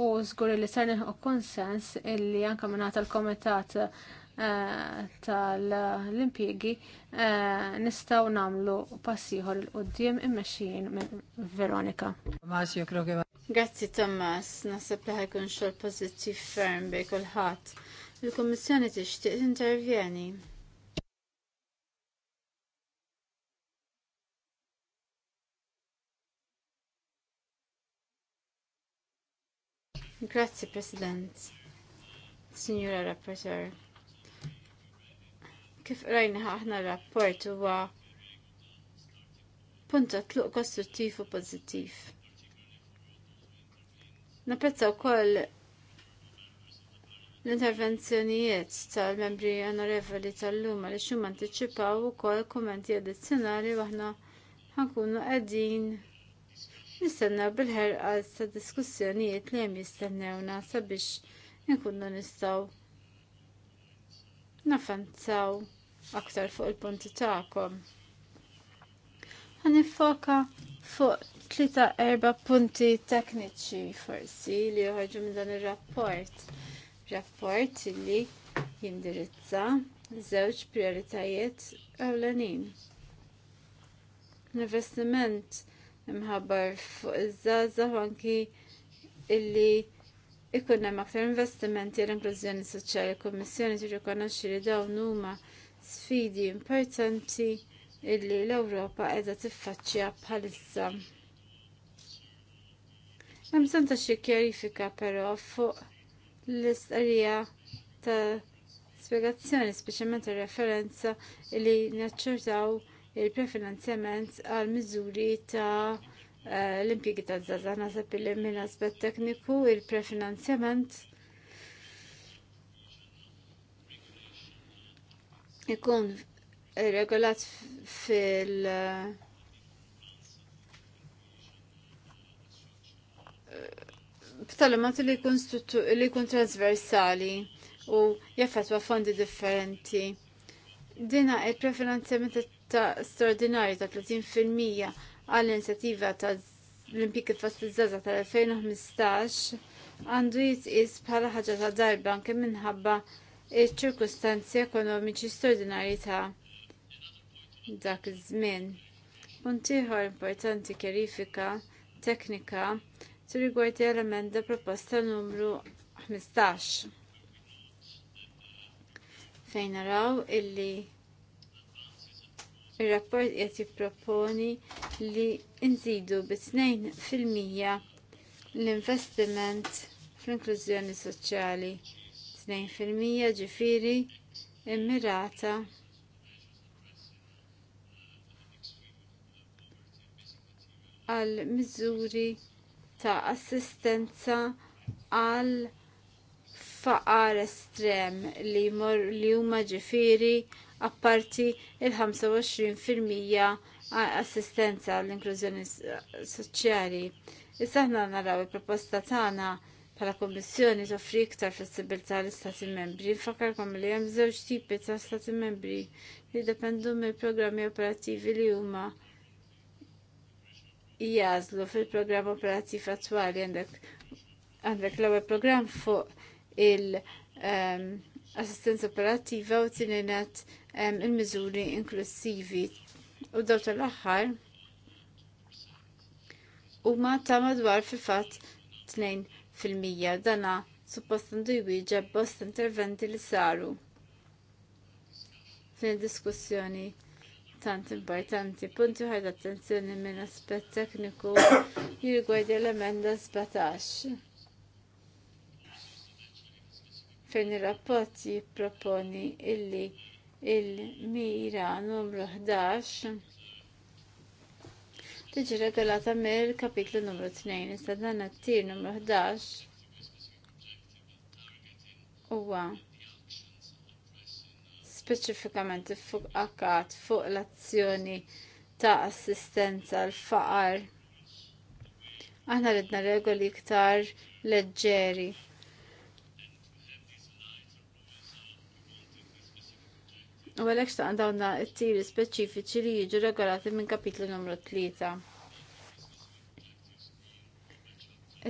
u żgur li ser nħu konsens illi anke minna l-komitat eh, tal impiegi eh, nistgħu nagħmlu passiħor il-qudiem immexxin minn Veronika. Grazzi Tomas. naħseb li ħajkun xogħol pożittiv ferm bej kulħadd. Il-Kummissjoni tixtieq intervjeni. Grazzi, President. Signora Rapporteur. Kif rajna aħna rapport huwa punta tluq kostruttiv u pozittiv. Napprezza wkoll l-intervenzjonijiet tal-membri onorevoli tal-lum għal huma anticipaw ukoll kummenti addizzjonali waħna ħankunu qegħdin Nistenna bil-ħerqa sa' diskussjonijiet li hemm jistennewna sabiex nkunu nistgħu nafanzaw aktar fuq il-punti tagħkom. niffoka fuq tlita erba punti tekniċi forsi li joħorġu minn dan ir-rapport. Rapport li jindirizza żewġ prioritajiet ewlenin. L-investiment imħabbar fuq iż-żgħażagħ anki illi ikun hemm aktar investimenti għall inklużjoni soċjali. Kummissjoni tirrikonoxxi li dawn huma sfidi importanti illi l-Ewropa qiegħda tiffaċċja bħalissa. Hemm bżonn ta' xi kjarifika però fuq l-istqarrija ta' spjegazzjoni speċjalment ir-referenza li naċċertaw il-prefinanzjament għal miżuri ta' eh, l-impjegi ta' zaza nasab li minn aspet tekniku il-prefinanzjament ikun regolat fil- b'talimat li jkun li jkun transversali u jaffetwa fondi differenti. Dina il prefinanzjament ta' straordinarju ta' 30% għall-inizjattiva ta' l-Olimpiki fost tal-2015 għandu jitqis bħala ħaġa ta' darba anke minħabba ċ-ċirkustanzi ekonomiċi straordinarji ta' dak iż-żmien. Punt ieħor importanti kjerifika teknika tirrigwardi l-emenda proposta numru 15. Fejn naraw illi Ir-rapport qed jipproponi li nżidu bi fil-mija l-investiment fl-inklużjoni soċjali, 2% ġifiri immirata għal miżuri ta' assistenza għal faqar estrem li jmor li huma ġifiri apparti il-25% assistenza għall inklużjoni soċjali. Issa ħna naraw il-proposta tagħna bħala Kommissjoni toffri iktar flessibilità l-Istati membri. Nfakarkom li hemm żewġ tipi ta' Stati membri li dependu mill-programmi operattivi li huma jażlu fil-programm operattiv attwali għandek għandek l-ewwel programm fuq il- um, assistenza operattiva u tini um, il-mizuri inklusivi. U daw tal-axħar u ma ta' madwar fil-fat 2% dana suppost għandu jwieġa bost interventi li saru fin diskussjoni tant importanti. Punti ħajda attenzjoni minn aspett tekniku jirgwajdi l-emenda 17 fejn ir-rapport jipproponi illi il-mira numru 11 tiġi regolata mill kapitlu numru 2 Issa dan t numru 11 huwa speċifikament akkat fuq l-azzjoni ta' assistenza l faqar Aħna ridna regoli iktar leġġeri U għalhekk xtaqan dawn t-tiri speċifiċi li jiġu regolati minn kapitlu numru 3.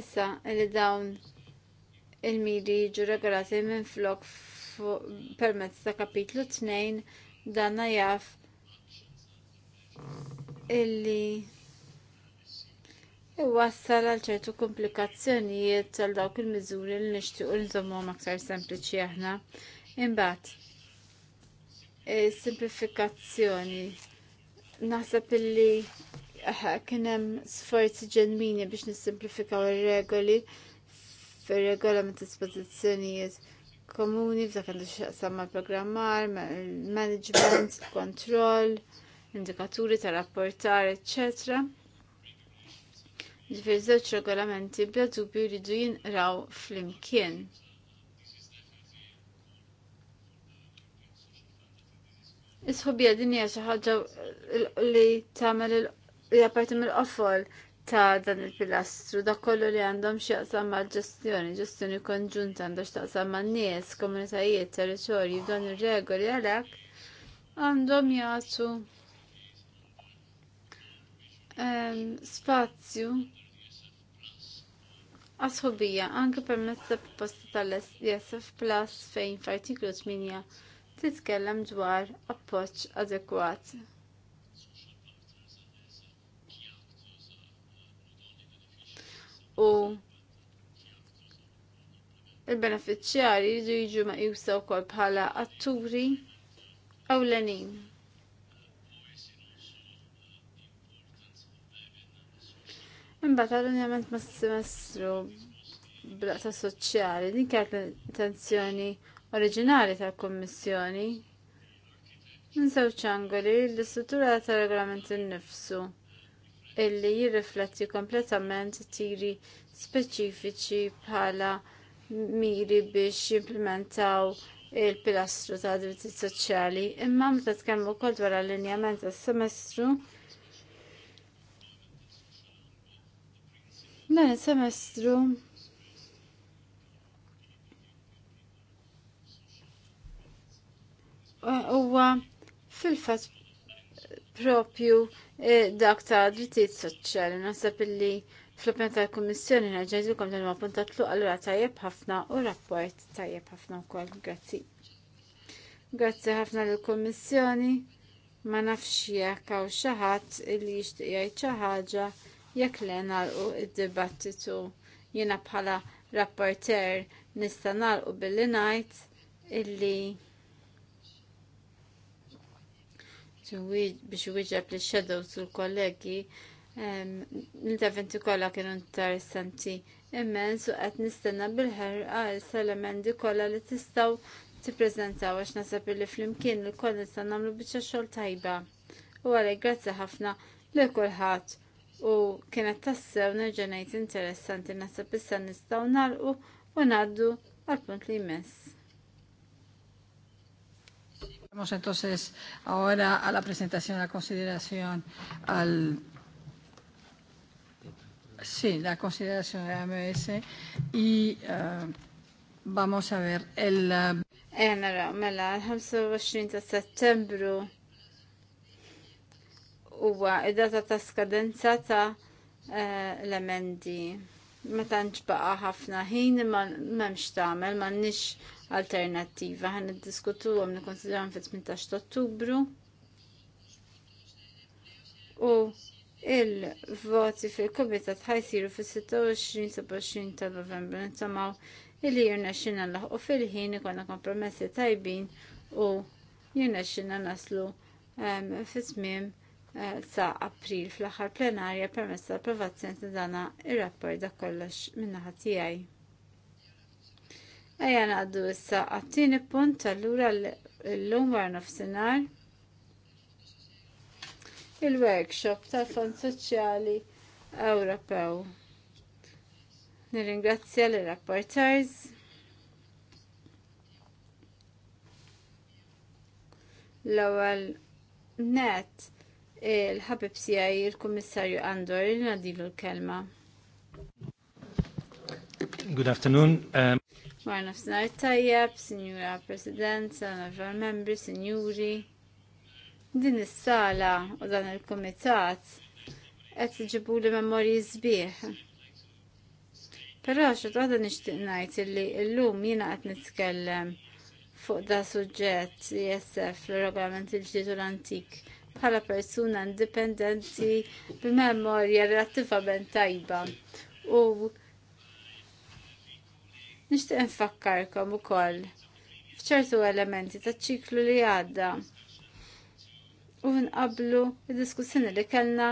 Issa li dawn il-miri jiġu regolati minn flok permezz ta' kapitlu 2 danna jaf illi Iwassal għal ċertu komplikazzjonijiet għal dawk il-miżuri li nixtiequ nżommhom aktar sempliċi aħna. Imbagħad, E, simplifikazzjoni. Naħseb illi kien hemm sforzi ġenwini biex nissimplifikaw ir-regoli fir-regolament dispożizzjonijiet komuni f'dak għandu xaqsam ma' programmar, management, kontroll, indikaturi ta' rapportar, etc. Ġifir żewġ regolamenti bla dubju jridu jinqraw fl-imkien. Isħobija din hija xi ħaġa li tagħmel il apparti mill-qofol ta' dan il-pilastru, da' kollu li għandhom jaqsam mal ġestjoni, ġestjoni konġunta għandhom x'taqsam man nies, komunitajiet, territorji, dan ir-regoli għalhekk għandhom jagħtu ehm, spazju għasħobija anke permezz ta' proposta tal-SF e Plus fejn f'artiklu 8 titkellem dwar appoġġ adekwat. U il-beneficjari jridu jiġu meqjusa wkoll bħala atturi ewlenin. Imbagħad għal-unjament ma' semestru blaqta soċjali, din kienet l-intenzjoni oriġinali tal-Kommissjoni. Nsew ċangoli l-istruttura tal-regolament innifsu illi jirrifletti kompletament tiri speċifiċi bħala miri biex jimplementaw il-pilastru ta' dritti soċjali. Imma meta tkellmu wkoll dwar allinjament tas-semestru dan is-semestru huwa fil-fatt propju eh, dak ta' drittijiet soċjali. Naħseb illi fl-opinja tal-Kummissjoni nerġgħidulkom dan huwa puntat tluq allura tajjeb ħafna u rapport tajjeb ħafna wkoll. Grazzi. Grazzi ħafna lill-Kummissjoni. Ma nafx jekk hawn xi ħadd illi jixtieq jgħid xi ħaġa jekk le nagħlqu id-dibattitu jiena bħala rapporter nista' nagħlqu billi ngħid illi biex wieġeb li shadows u kollegi l-interventi kollha kienu interessanti immens u qed nistenna bil-ħerqa l-elementi kollha li tistgħu tippreżentaw għax nasab li flimkien li koll nistgħu nagħmlu biċċa xogħol tajba. U għalhekk grazzi ħafna lil kulħadd u kienet tassew nerġa' ngħid interessanti nasab issa nistgħu nagħlqu u ngħaddu għal punt li jmiss. Vamos entonces ahora a la presentación, a la consideración, al... Sí, la consideración de AMS y uh, vamos a ver el... Enara, eh, eh, mela, l-25 de septiembre huwa id-data ta' skadenza ta' l-emendi. Meta nġbaqa ħafna ħin ma memx tagħmel nix alternattiva. Għan diskutu għom nikonsidrawhom fit-18 Ottubru. U il-voti fil-Komitat ħajsiru fil-26-27 ta' Novembru nittamaw illi jirna xina u fil-ħin ikonna kompromessi tajbin u Jur National naslu um, fit-tmim eh, sa' april fl-axar plenarja permessa tal provazzjon ta' dana ir-rapport da' kollox minnaħat tiegħi. Ejja naqdu issa għattini punt tal-lura l-lum war nofsinar. Il-workshop tal-Fond Soċjali Ewropew. Nirringrazzja l-rapporters. L-ewwel net il-ħabib tiegħi il-Kummissarju Andor il nadilu l-kelma. Good afternoon. Um... Marna f'sinar tajjeb, Signora President, Honorable Membri, Signori. Din is-sala u dan il-Komitat qed iġibu li memorji sbieħ. Però xi waħda nixtieq ngħid li llum jiena qed nitkellem fuq da suġġett ISF l-regolament il-ġdid u l-antik bħala persuna indipendenti b'memorja relattivament tajba u Nixtieq u ukoll f'ċertu elementi taċ ċiklu li għadda u nqablu id-diskussjoni li kellna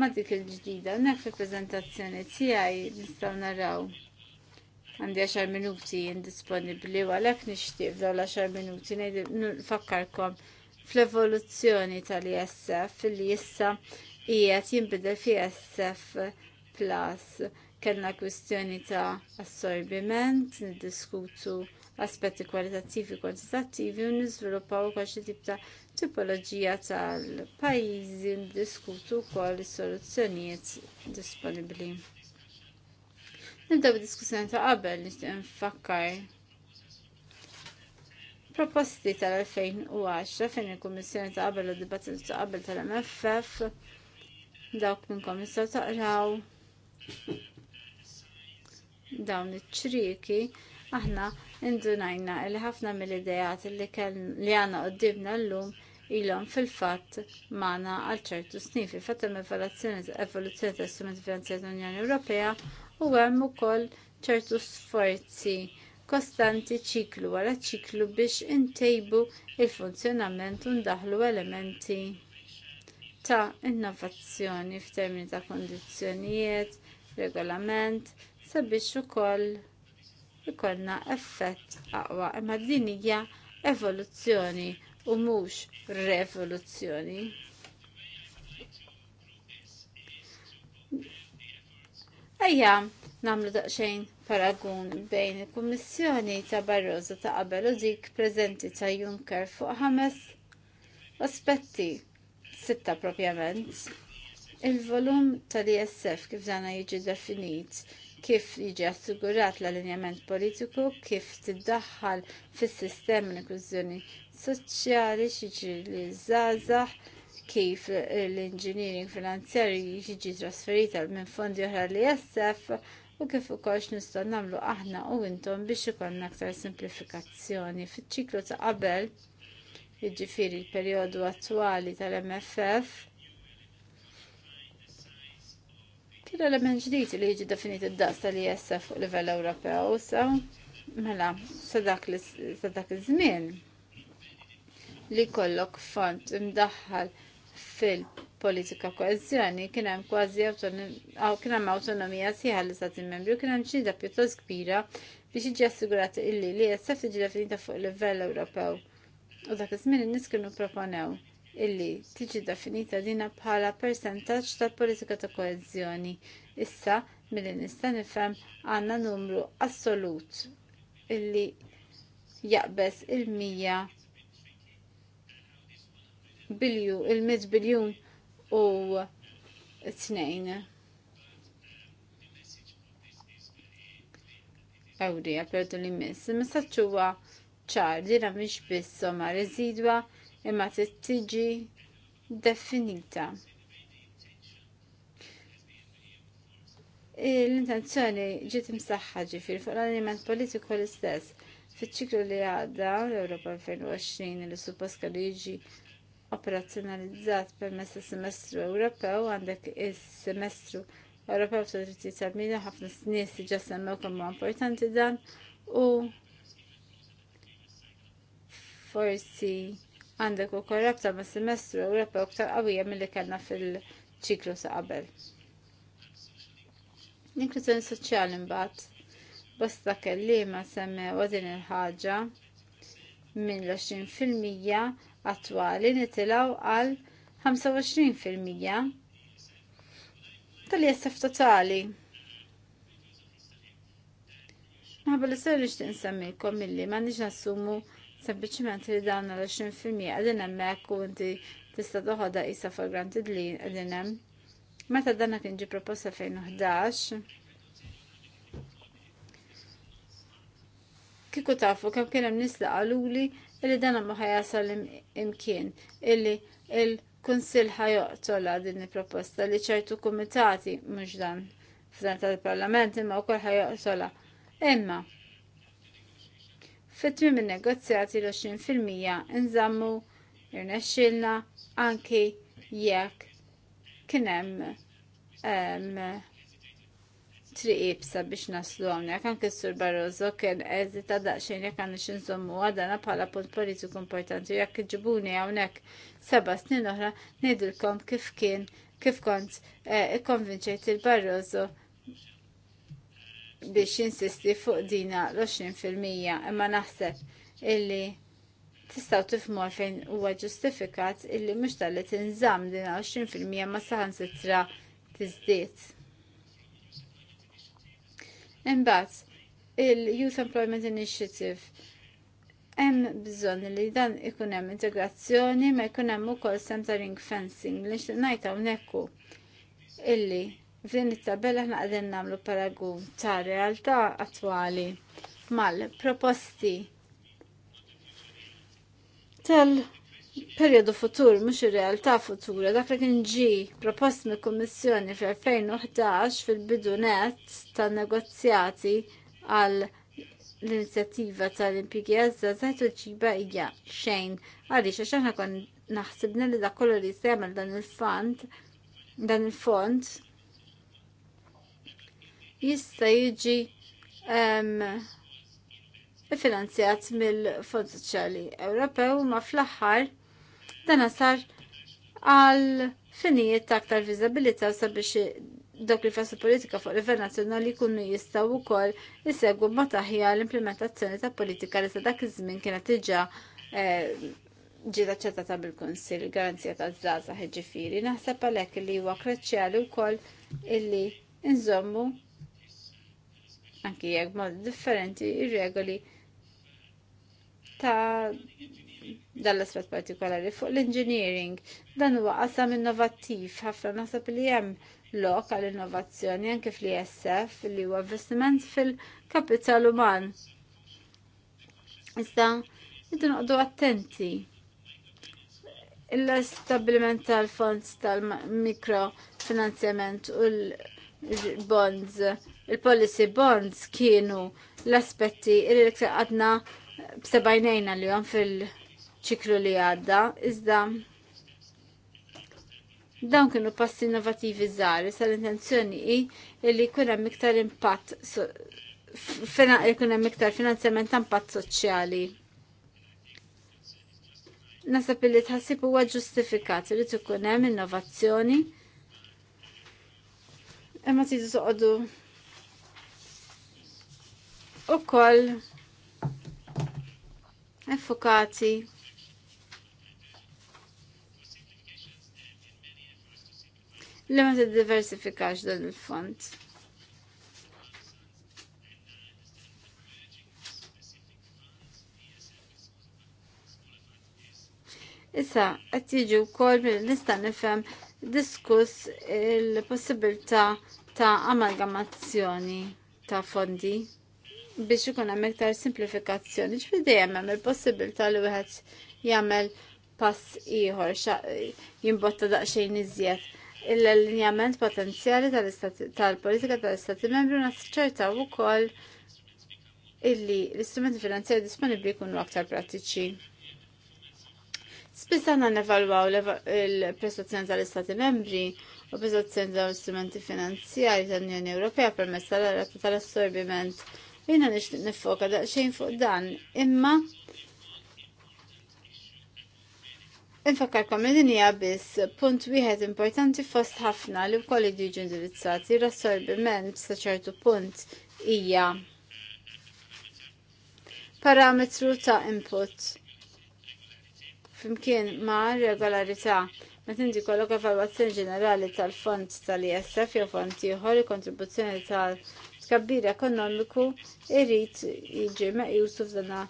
ma' dik il-ġdida. Nek fil-prezentazzjoni tiegħi nistgħu naraw għandi 10 minuti indisponibbli u għalhekk nixtieq f'dawn l-10 minuti nfakkarkom fl-evoluzzjoni tal-ISF li issa qiegħed jinbidel fi e SF Plus kellna kwistjoni ta' assorbiment, niddiskutu aspetti kwalitattivi u kwantitattivi u niżviluppaw ukoll xi tip ta' tipoloġija tal-pajjiżi niddiskutu wkoll is-soluzzjonijiet disponibbli. Nibdew bid-diskussjoni ta' qabel li nfakkar proposti tal-2010 fejn il-Kummissjoni ta' qabel u dibattitu ta' qabel tal-MFF dawk minnkom jistgħu taqraw dawn iċ-ċriki aħna indunajna li ħafna mill-idejat li li għandna quddiemna llum ilhom fil-fatt magħna għal ċertu snifi fatt hemm evoluzzjoni evoluzzjoni ta' strumenti finanzjari tal-Unjoni Ewropea u hemm ukoll ċertu sforzi kostanti ċiklu wara ċiklu biex intejbu l funzjonament u ndaħlu elementi ta' innovazzjoni f'termini ta' kundizzjonijiet, regolament, sabiex ukoll ikollna effett aqwa imma din hija evoluzzjoni u mhux revoluzzjoni. Ejja, namlu daqsxejn paragun bejn il-Kummissjoni ta' Barroso ta' qabel u dik preżenti ta' Juncker fuq ħames aspetti sitta propjament. Il-volum tal-ISF kif dana jiġi definit, kif jiġi assigurat l-allinjament politiku, kif tiddaħħal fis-sistema l-inklużjoni soċjali, xiġi li żgħażagħ, kif l-engineering finanzjarju jiġi trasferita minn fondi oħra li jessef u kif ukoll nistgħu nagħmlu aħna u intom biex ikollna aktar simplifikazzjoni fiċ-ċiklu ta' qabel jiġifieri l-perjodu attwali tal-MFF Kien element ġdid li jiġi definit id dasta li jessa fuq livell Ewropew sa mela sa dak iż-żmien li kollok font imdaħħal fil-politika koezjoni kien hemm kważi kien hemm awtonomija sieħa l membri u kien hemm ġida pjuttost kbira biex jiġi assigurat illi li jessa tiġi definita fuq livell Ewropew. U dak iż-żmien in-nies kienu proponew illi tiġi definita dina bħala percentaġġ tal-politika ta' koeżjoni. Issa, milli nista' nifhem għandna numru assolut illi jaqbes il-mija bilju, il-100 biljun u t-snejn. Ewri, li miss, messaċ huwa ċar li mhix biss somma residwa imma tiġi definita. L-intenzjoni ġiet imsaħħa ġifir fuq l-aliment politiku l-istess. Fiċ-ċiklu li għadda l-Europa 2020 li suppost li jiġi operazzjonalizzat permezz semestru Ewropew għandek is-semestru Ewropew ta' dritti tal-mina ħafna snies ġa semmew importanti dan u forsi għandek ukoll rabta ma' semestru Ewropew aktar qawwija milli kellna fil-ċiklu sa' qabel. L-inklużjoni soċjali mbagħad bosta kelliema semmew din il-ħaġa minn l-20% attwali nitilgħu għal 25% tal-jessef totali. Naħba li s-sar nishtiq nsemmikom illi ma nix nassumu Sempliċiment li dawn l-20% għadin emmek u inti tista' toħodha qisha for granted li qegħdin hemm. Meta dana kien ġi proposta fejn 11, kiku tafu kemm kien hemm nies li illi dana ma ħajasal imkien illi il-Kunsill ħajoqtola din il-proposta li ċertu kumitati mhux dan f'dan tal-Parlament imma wkoll ħajoqtola. Imma fit-tmim il-negozjati l-20% nżammu irnexxilna anki jekk kien hemm triqib biex naslu għamnek, Anke s-sur Barroso kien eżi ta' daqxin jek għanni xinżommu għadana pala punt politiku importanti jekk ġibuni għamnek seba snin oħra nidilkom kif kien kif kont eh, ikkonvinċejt il-Barroso biex insisti fuq dina l-20% imma naħseb illi tistaw tifmu fejn huwa ġustifikat illi mhux tal-li tinżamm dina 20% ma saħan sitra tiżdied. Imbagħad il-Youth Employment Initiative hemm bżonn li dan ikun hemm integrazzjoni ma jkun hemm ukoll sem ta' ring fencing li ngħid hawnhekk illi F'din it-tabella ħna qegħdin nagħmlu paragun ta' realtà attwali mal-proposti tal-perjodu futur mhux ir-realtà futura dak li kien ġi propost mill-Kummissjoni fl-2011 fil-bidu net tan-negozjati għal l-inizjattiva tal-impjegi għazza zaħtu ġiba hija xejn għaliex għax aħna kon naħsibna li dak kollu li semmel dan il-fond dan il-fond jista' jiġi finanzjat mill-Fond Soċjali Ewropew ma fl-aħħar dan sar għal finijiet ta' aktar viżabilità sabiex dok li fassu politika fuq livell nazzjonali jkunu jistgħu wkoll isegwu ma taħja l-implementazzjoni ta' politika li sa dak iż-żmien kienet diġà eh, ġiet aċċettata bil-Kunsill garanzija taż-żgħażagħ ġifieri naħseb għalhekk li huwa kruċjali wkoll illi nżommu anki jekk ma differenti ir-regoli ta' dall-aspet partikolari fuq l-engineering. Dan huwa qasam innovattiv ħafna naħseb li hemm lok għall innovazzjoni anke fl-ISF li huwa investiment fil-kapital uman. Iżda jiddu noqdu attenti. il establiment tal-fonds tal-mikrofinanzjament u l-bonds il-policy bonds kienu l-aspetti li għadna b'sebajnejna li għan fil-ċiklu li għadda, iżda dawn kienu passi innovativi żgħar, sal l-intenzjoni hi li jkun hemm iktar impatt jkun hemm iktar finanzjament ta' impatt soċjali. Nasab li tħassib huwa ġustifikat li tkun hemm innovazzjoni imma tidu toqgħodu u koll effukati li ma t-diversifikax dan il-font. Issa, qed jiġu wkoll nista' nifhem diskuss il-possibilità ta' amalgamazzjoni ta' fondi biex ikun hemm iktar simplifikazzjoni. Ġifieri dejjem hemm il-possibilità li wieħed jagħmel pass ieħor jimbotta daqsxejn iżjed. l allinjament potenzjali tal-politika tal-Istati membri u naċċertaw ukoll illi l-istrumenti finanzjari disponibbli jkunu aktar prattiċi. Spiss għanna nevalwaw il-prestazzjoni tal-Istati membri u prestazzjoni tal-istrumenti finanzjari tal-Unjoni Ewropea permezz tal Jina nishtiq nifoka daqxejn fuq dan, imma Infakkarkom il dinja biss punt wieħed importanti fost ħafna li wkoll jiġu indirizzati rassorbiment sa ċertu punt hija parametru ta' input flimkien ma' regolarità Meta tindi kollok evaluazzjoni ġenerali tal-fond tal-ISF jew fond ieħor il-kontribuzzjoni tal-, -fond tal isf jew fond ieħor il kontribuzzjoni tal tal Kabbir ekonomiku irrit jiġi meqjusu f'dana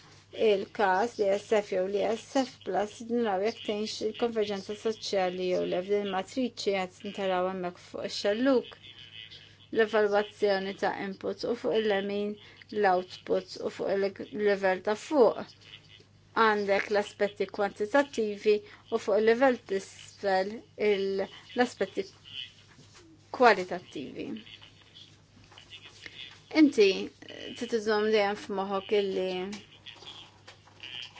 il-kas li jessef jew li SF plus naraw jek tenx il-konverġenza soċjali jew le f'din matriċi qed ntaraw hemmhekk fuq xalluk l-evalwazzjoni ta' inputs u fuq il-lemin l-outputs u fuq il-level ta' fuq. Għandek l-aspetti kwantitattivi u fuq il-level t-isfel l-aspetti kwalitattivi. Inti titizom dejjem f'moħħok illi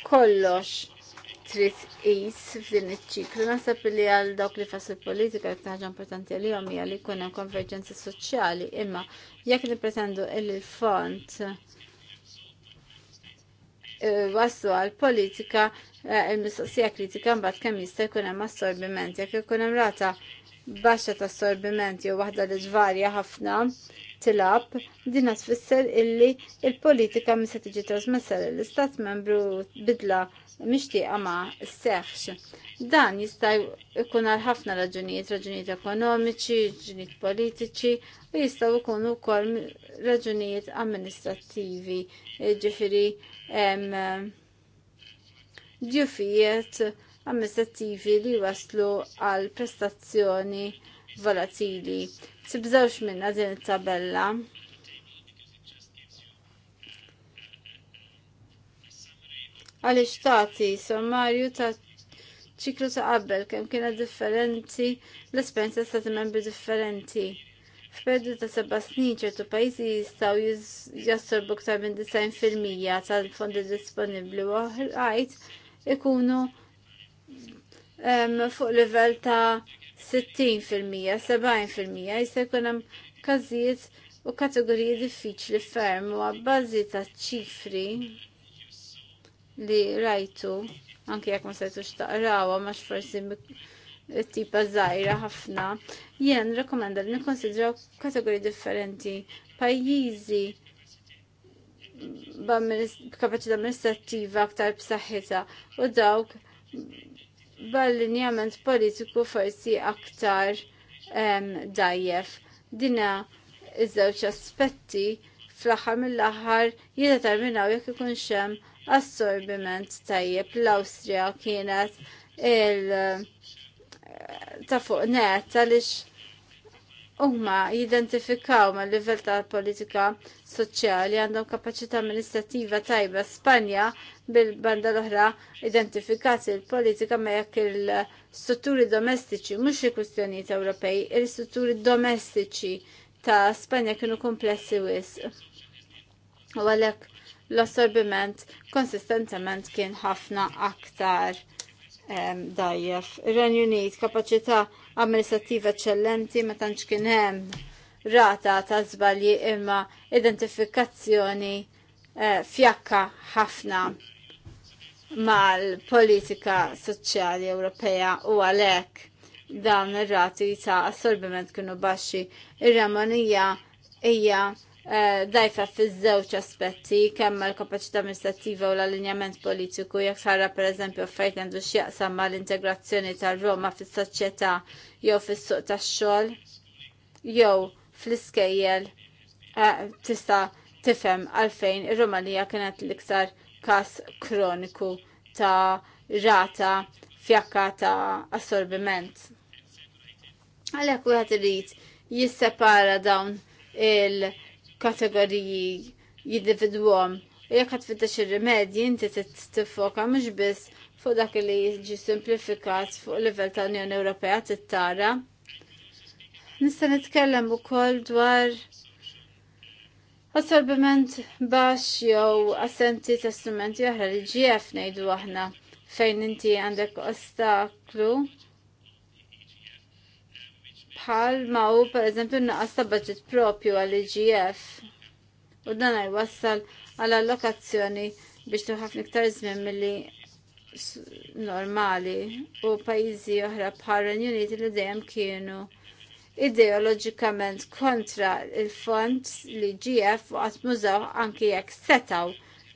kollox trid qis f'din iċ-ċiklu. Naħseb li għal dawk li l politika jekk ħaġa importanti għalihom hija li jkun hemm konverġenza soċjali, imma jekk nippretendu illi l-fond eh, waslu għal politika eh, il-mistoqsija kritika mbagħad kemm jista' jkun hemm assorbiment jekk ikun hemm rata baxxa ta' assorbiment jew waħda li ġvarja ħafna tilab din tfisser illi il-politika mis tiġi trasmessa l-istat membru bidla mixtieqa ma seħx. Dan jista' jkun għal ħafna raġunijiet, raġunijiet ekonomiċi, raġunijiet politiċi u jistgħu jkunu wkoll raġunijiet amministrattivi, ġifiri ġifijiet eh, amministrattivi li waslu għal prestazzjoni volatili. Tibżawx minna din it-tabella. Għaliex tagħti sommarju ta' ċiklu ta' qabel kemm kiena differenti l esperienza ta' membri differenti. F'perdu ta' seba' snin ċertu pajjiżi jistgħu jassorbu ktar minn 90% tal-fondi disponibbli u għajt ikunu fuq livell ta' 60%, 70% jista' jkun hemm każijiet u kategoriji diffiċli ferm u għabbażi ta' ċifri li rajtu anke jekk ma setux taqrawa ma forsi tipa zaħira ħafna, jen rekomenda li nikonsidraw kategoriji differenti, pajjiżi b'kapaċità amministrattiva aktar b'saħħitha u dawk b'allinjament politiku forsi aktar um, dajjef. Dina iż-żewġ aspetti fl-aħħar mill-aħħar jiddeterminaw jekk ikun xem assorbiment tajjeb l-Awstrija kienet il- ta' fuq net għaliex huma jidentifikaw mal livell ta' politika soċjali għandhom kapaċità amministrativa tajba Spanja bil-banda l-oħra identifikat il-politika ma jekk il-strutturi domestiċi, mhux il kustjonijiet Ewropej, il-strutturi domestiċi ta' Spanja kienu komplessi wisq. U għalhekk l-assorbiment konsistentement kien ħafna aktar um, dajjef. Ir-Renju Unit kapaċità amministrativa eċċellenti ma tantx kien hemm rata ta' żbalji imma identifikazzjoni eh, fjakka ħafna mal-politika soċjali Ewropea u għalhekk dawn ir-rati ta' assorbiment kienu baxxi. Ir-Ramonija hija eh, dajfa fiż-żewġ aspetti kemm l-kapaċità amministrattiva u l-allinjament politiku jekk ħarra pereżempju fejn għandu x'jaqsam mal-integrazzjoni tar-Roma fis-soċjetà jew fis-suq tax-xogħol jew fl-iskejjel eh, tista tifhem għalfejn ir-Rumanija kienet l-iktar kas kroniku ta' rata fjakka ta' assorbiment. Għalhekk wieħed irid jissepara dawn il-kategoriji jindividwom. Jekk qed tfittex ir-rimedji inti tiffoka mhux biss fuq dak li jiġi simplifikat fuq livell ta' Unjoni Ewropea t-tara. Nista' nitkellem ukoll dwar assorbiment baxx jew assenti ta' strumenti oħra li ġief ngħidu aħna fejn inti għandek ostaklu bħal ma hu pereżempju naqas ta' budget propju għall igf u dan jwassal għal allokazzjoni biex tuħaf iktar żmien milli normali u pajjiżi oħra bħal Renjuniti li dejjem kienu ideoloġikament kontra il-font li GF waqt mużaw anki jekk setaw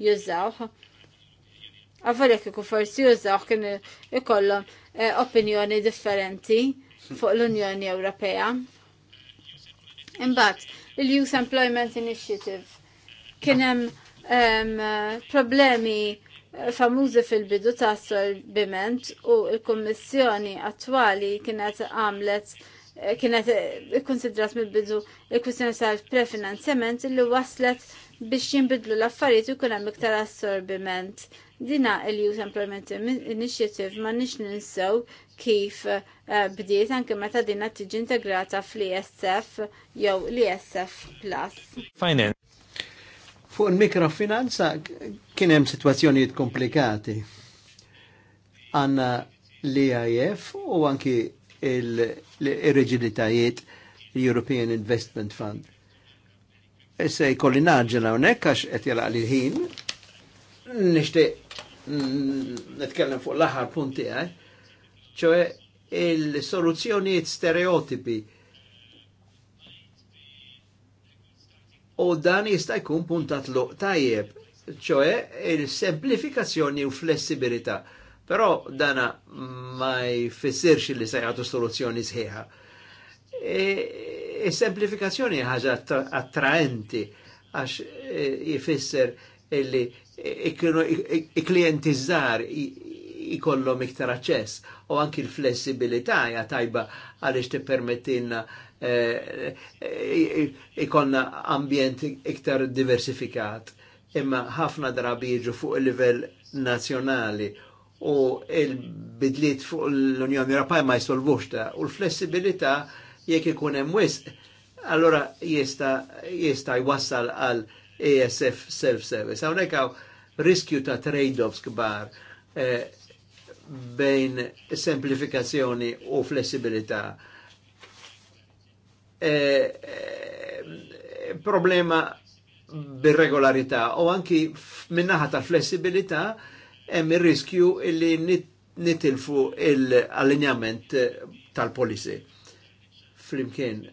jużaw. Għavol jekk iku forsi jużaw kien ikollhom eh, opinjoni differenti fuq l-Unjoni Ewropea. Imbagħad, il-Youth Employment Initiative kien hemm problemi eh, famużi fil-bidu ta' sorbiment u il-Kommissjoni attwali kienet għamlet kienet ikkonsidrat mill-bidu il-kwistjoni tal-prefinanzjament li waslet biex jinbidlu l-affarijiet u kunem iktar assorbiment. Dina il-Youth Employment Initiative ma nix ninsew kif eh, bdiet anke meta dina tiġi integrata fl-ISF jew l-ISF Plus. Fuq il-mikrofinanza kien hemm sitwazzjonijiet komplikati. Għanna l-IAF u anki il-reġilitajiet European Investment Fund. Issa jkolli naġġena hawnhekk għax qed jala li ħin. Nixtieq nitkellem fuq l-aħħar punt tiegħi, ċoe il-soluzzjonijiet stereotipi u dan jista' jkun puntat luq tajjeb, ċoħe il-semplifikazzjoni u flessibilità. Però dana ma jfissirx li se jgħatu soluzzjoni sħiħa. E, e semplifikazzjoni e, e ħaġa attraenti għax e, jfisser illi e, e il-klientizzar iktar aċċess u anki l-flessibilità hija tajba għaliex tippermettilna ikonna ambjent iktar diversifikat. Imma ħafna drabi jiġu fuq il-livell nazzjonali u il-bidliet fuq l-Unjoni Europea ma jisolvux ta' u l-flessibilità jekk ikun hemm wisq, allora jista' jista' jwassal għal ASF self-service. Hawnhekk hawn riskju ta' trade-offs kbar eh, bejn semplifikazzjoni u flessibilità. Eh, eh, problema bir-regolarità u anki minnaħa tal-flessibilità hemm ir-riskju illi nitilfu l-allinjament tal-policy. Flimkien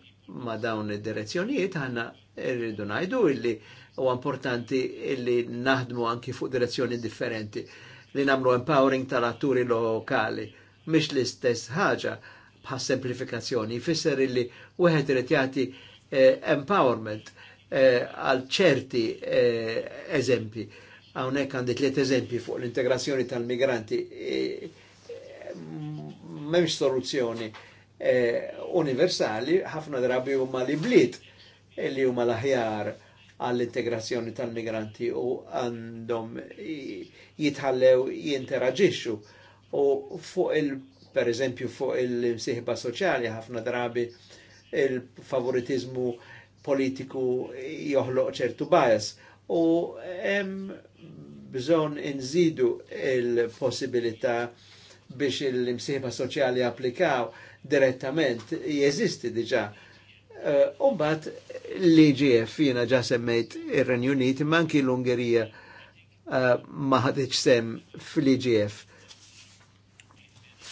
ma' dawn id-direzzjonijiet għanna irridu ngħidu illi u importanti illi naħdmu anki fuq direzzjoni differenti li namlu empowering tal-atturi lokali, mish l-istess ħaġa bħas semplifikazzjoni, jfisser illi wieħed irid jagħti eh, empowerment eh, għal ċerti eh, eżempi Hawnhekk għandi tliet eżempi fuq l-integrazzjoni tal-migranti. E, m'hemmx soluzzjoni e, universali, ħafna drabi huma li bliet e, li huma l-aħjar għall-integrazzjoni tal-migranti u għandhom jitħallew jinteraġixxu. U fuq il per eżempju fuq il-msiħba soċjali ħafna drabi il-favoritizmu politiku joħloq ċertu bias. U bżon inżidu il-possibilità biex il imsieħba soċjali applikaw direttament jeżisti diġa. Uh, umbat l-IGF jina ġa semmejt ir renjunit manki l-Ungerija uh, ma sem fl-IGF.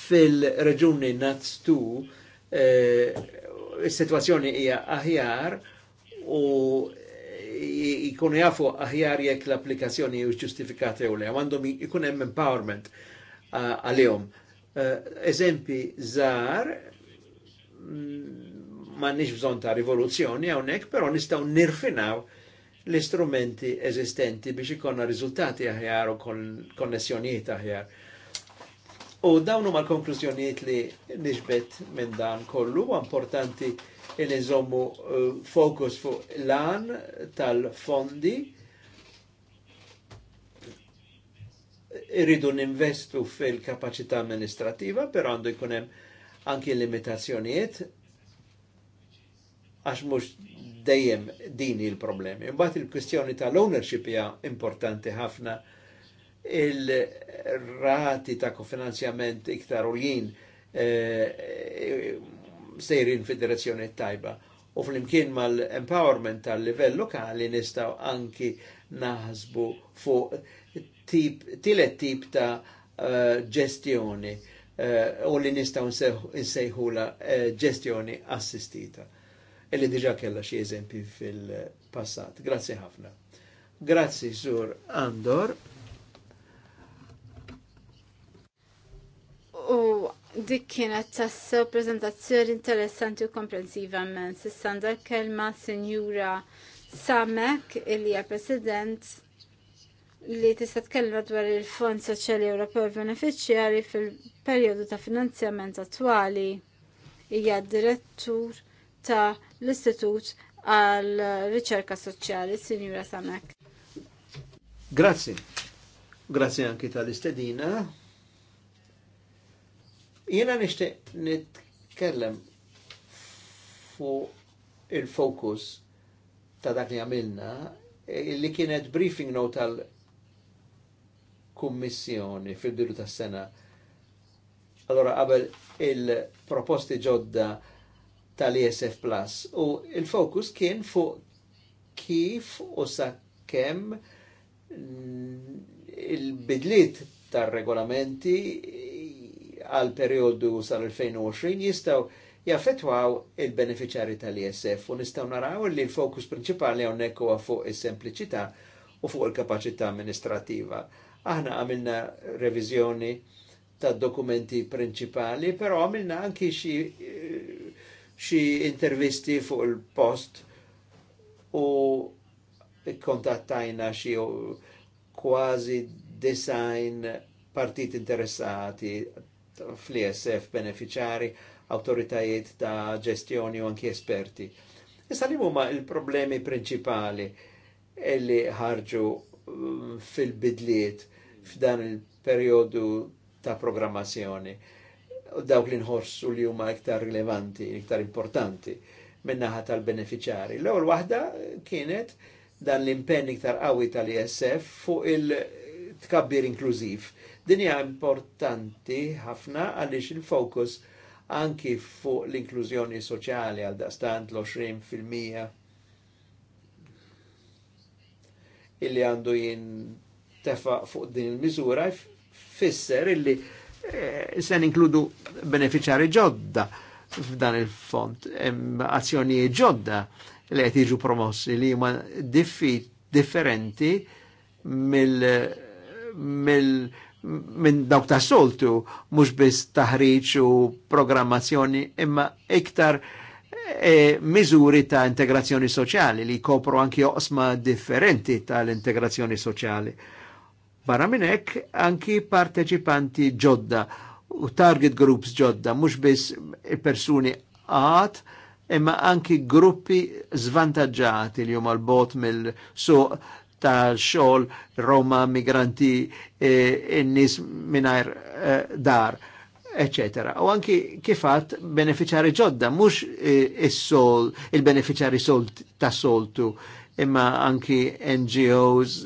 Fil-reġuni Nats 2, uh, il situazzjoni hija aħjar u jkunu jafu aħjar jekk l-applikazzjoni u ġustifikati jew lejom, għandhom ikun hemm empowerment għalihom. Eżempi żgħar mm, m'għandniex bżonn ta' rivoluzzjoni hawnhekk, però nistgħu nirfinaw l-istrumenti eżistenti biex ikonna riżultati aħjar u konnessjonijiet aħjar. U dawnu mal konklużjonijiet li nixbet minn dan kollu, importanti importanti in il uh, eh, fokus fuq lan tal-fondi irridu ninvestu fil-kapacità amministrativa, però għandu jkun anki limitazzjoniet, għax mux dejjem dini il-problemi. Imbagħad il-kwistjoni tal-ownership hija importanti ħafna il-rati ta' kofinanzjament iktar u jien eh, sejrin fid-direzzjoni tajba. U fl-imkien mal-empowerment tal-livell lokali nistaw anki naħsbu fuq tilet tip ta' eh, ġestjoni eh, u li nistaw nsejħula eh, ġestjoni assistita. Illi diġa kella xie eżempi fil-passat. Grazzi ħafna. Grazzi, Sur Andor. Dik kienet tassew prezentazzjoni interessanti u komprensiva men. Sissanda kelma Sinjura Samek, illi hija President li tista' tkellma dwar il-Fond Soċjali Ewropew Benefiċjarji fil-perjodu ta' finanzjament attwali. Hija direttur ta' l-Istitut għal riċerka soċjali, Sinjura Samek. Grazzi. Grazie anki tal-istedina Jena nishti nitkellem fuq il-fokus ta' dak li għamilna eh, li kienet briefing note tal-kummissjoni fil-bidu tas sena Allora, qabel il-proposti ġodda tal-ESF Plus u il-fokus kien fu kif u sakkem il-bidliet tar-regolamenti għal periodu sal-2020 jistaw jaffetwaw il beneficiari tal-ISF u nistaw naraw li l-fokus principali għonek huwa fuq is-sempliċità u fuq il-kapacità amministrativa. Aħna għamilna revizjoni ta' dokumenti principali, però għamilna anki xi intervisti fuq il-post u kontattajna xi kważi design partit interessati, fl-ISF beneficiari, autoritajiet ta' ġestjoni u anki esperti. Issa li huma il-problemi prinċipali li ħarġu mm, fil-bidliet f'dan il-periodu ta' programmazzjoni. Dawk li nħorsu li huma iktar rilevanti, iktar importanti min-naħa tal beneficiari L-ewwel waħda kienet dan l-impenn iktar qawwi tal-ISF fuq il-tkabbir inklużiv dinja importanti ħafna għaliex il-fokus anki fuq l-inklużjoni soċjali għal dastant l-20 fil-mija illi għandu jien tefa fuq din il-miżura fisser illi eh, sen inkludu beneficjari ġodda f'dan il-font, azzjoni ġodda li qed jiġu promossi li huma differenti mill, mill minn dawk ta' soltu, mux biss taħriġ u programmazzjoni, imma iktar e, miżuri ta' integrazzjoni soċjali li kopru anki osma differenti tal-integrazzjoni soċjali. Barra minn hekk anki parteċipanti ġodda u target groups ġodda, mux biss persuni għat, imma anki gruppi zvantagġati li huma l-bot mill-suq so, tal-xol Roma migranti n e, in-nis e, minar e, dar, etc. U anki kifat beneficjari ġodda, mux il-sol, il-beneficjari sol ta' soltu, imma anki NGOs,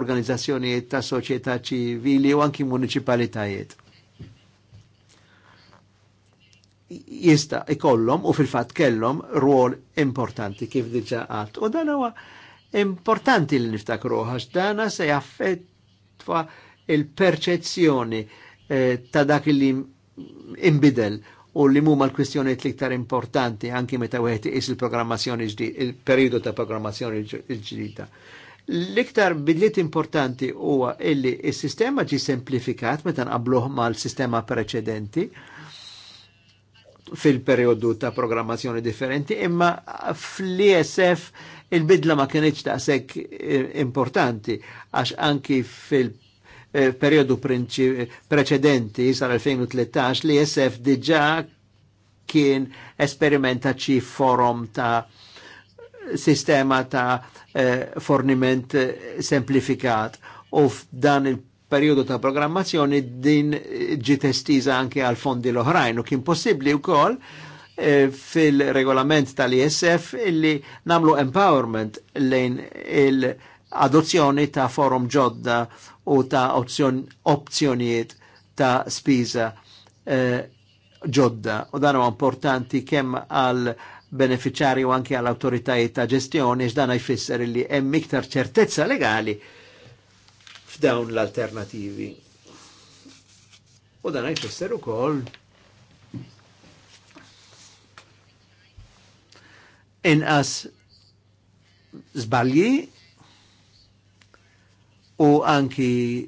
organizzazzjonijiet ta' soċieta ċivili u anki municipalitajiet. Jista ikollhom u fil-fatt kellhom rwol importanti kif diġa għalt. U dan huwa Importanti li niftakru għax dana se jaffetwa il-perċezzjoni eh, ta' dak li imbidel u li mumma l-kwistjoniet liktar importanti anki meta wieħed is il-programmazzjoni il-periodu ta' programmazzjoni ġdida. L-iktar bidliet importanti huwa illi il-sistema ġi semplifikat meta nqabluh mal-sistema preċedenti fil-periodu ta' programmazzjoni differenti, imma fl-ISF il-bidla ma kienieċ ta' sekk eh, importanti, għax anki fil-periodu eh, preċedenti sal-2013 li SF diġa kien esperimenta ċi forum ta' sistema ta' eh, forniment semplifikat u f'dan il periodu ta' programmazzjoni din ġitestiza testiza anke għal fondi l-oħrajn u kien possibli u koll E, fil-regolament tal-ISF illi namlu empowerment lejn il-adozzjoni ta' forum ġodda u ta' opzjonijiet ta' spiża e, ġodda. U dan huwa importanti kemm għal beneficjari u anke għal autoritajiet ta' ġestjoni x'dan jfisser illi hemm iktar ċertezza legali f'dawn l-alternativi. U dan jfisser ukoll inqas zbalji u anki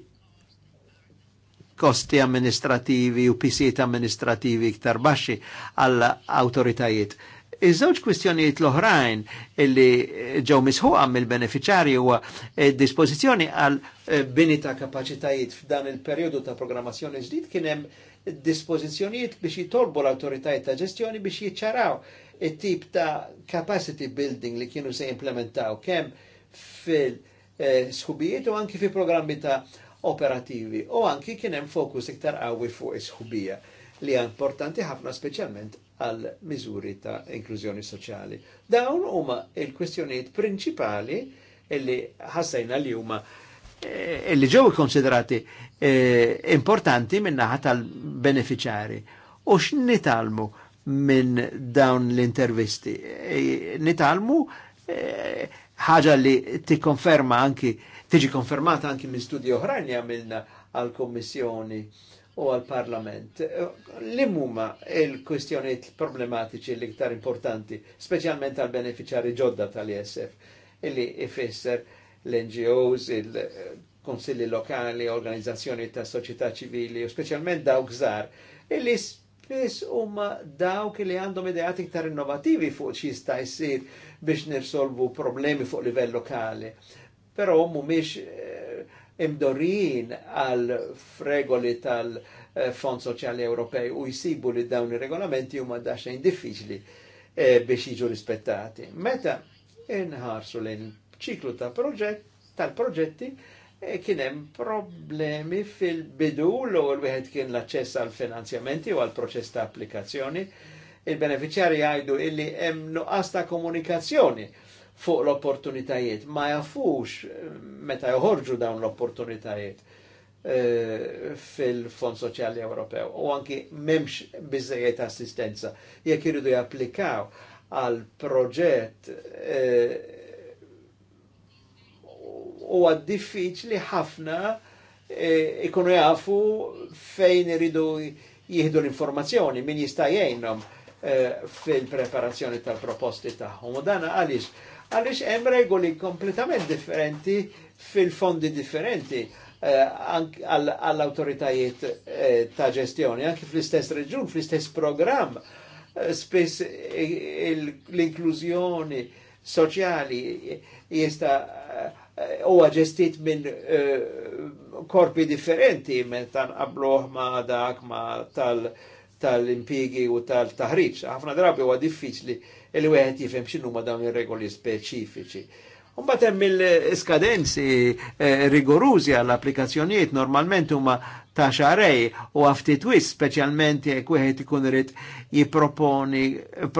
kosti amministrativi u pisijiet amministrativi iktar baxxi għall autoritajiet. Iż-żewġ kwistjonijiet l-oħrajn illi ġew misħuqa mill-beneficjarji huwa eh, dispożizzjoni għal eh, bini ta' kapaċitajiet f'dan il-perjodu ta' programmazzjoni ġdid kien hemm dispożizzjonijiet biex jitolbu l awtoritajiet ta' ġestjoni biex jiċċaraw it-tip ta' capacity building li kienu se implementaw kemm fil-sħubijiet eh, u anki fi programmi ta' operativi u anki kien hemm fokus iktar qawwi fuq is-sħubija li hija importanti ħafna speċjalment għal miżuri ta' inklużjoni soċjali. Dawn huma il-kwestjonijiet prinċipali illi ħassajna li huma eh, illi ġew konsiderati importanti eh, importanti minnaħa tal-beneficjari. U x'nitalmu? minn dawn l-intervisti. E, nitalmu e, ħaġa li ti konferma anki, tiġi konfermata anki minn studio oħrajn għamilna għal-Kommissjoni u għal-Parlament. E, L-immuma il-kwestjoniet problematiċi l ktar importanti, specialment għal-beneficjari ġodda tal-ISF, illi ifisser l-NGOs, il-konsilli lokali, organizzazzjoni ta' soċjetà ċivili, u specialment dawk żgħar, illi Nis huma dawk li għandhom ideati iktar innovativi fuq xi jista' jsir biex nirsolvu problemi fuq livell lokali. Però mu mhumiex eh, imdorin għal fregoli tal-Fond eh, Soċjali Ewropej u jsibu li dawn ir-regolamenti huma daxxejn diffiċli eh, biex jiġu rispettati. Meta inħarsu lejn ċiklu ta' proġett tal-proġetti, E kienem problemi fil-bidu l ewwel wieħed kien l-aċċess għal finanzjamenti u għal proċess ta' applikazzjoni. Il-beneficjari għajdu illi hemm nuqqas ta' komunikazzjoni fuq l-opportunitajiet, ma jafux eh, meta joħorġu dawn l-opportunitajiet eh, fil-Fond Soċjali Ewropew u anki memx bizzejiet assistenza jekk iridu japplikaw għal proġett eh, huwa diffiċli ħafna e, ikunu jafu fejn iridu jihdu l-informazzjoni, min jista' jgħinhom e, fil-preparazzjoni tal-proposti tagħhom. U dan għalix, għaliex hemm regoli kompletament differenti fil-fondi differenti e, għall-autoritajiet ta' ġestjoni, anki fl-istess reġun, fl-istess program, spess l-inklużjoni soċjali jista' Eh, huwa ġestit minn eh, korpi differenti minn tanqabluh ma' dak ma' tal- tal-impigi u tal-taħriġ. Ħafna drabi huwa diffiċli li wieħed jifhem x'inhu ma dawn ir-regoli speċifiċi. Mbagħad hemm il-iskadenzi eh, rigorużi għall-applikazzjonijiet normalment huma ta' xarej u għaftit twist speċjalment jekk wieħed ikun irid jipproponi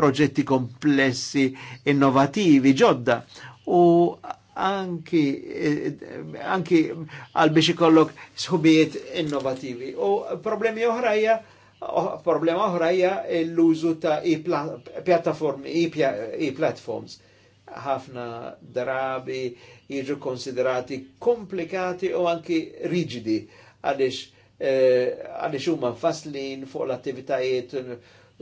proġetti komplessi innovativi ġodda. U anki anki għal biex ikollok sħubijiet innovativi. U problemi oħrajja oh, problema oħrajja l-użu ta' i-platformi, i platforms Ħafna drabi jiġu konsiderati komplikati u anki rigidi għaliex eh, għaliex huma faslin fuq l-attivitajiet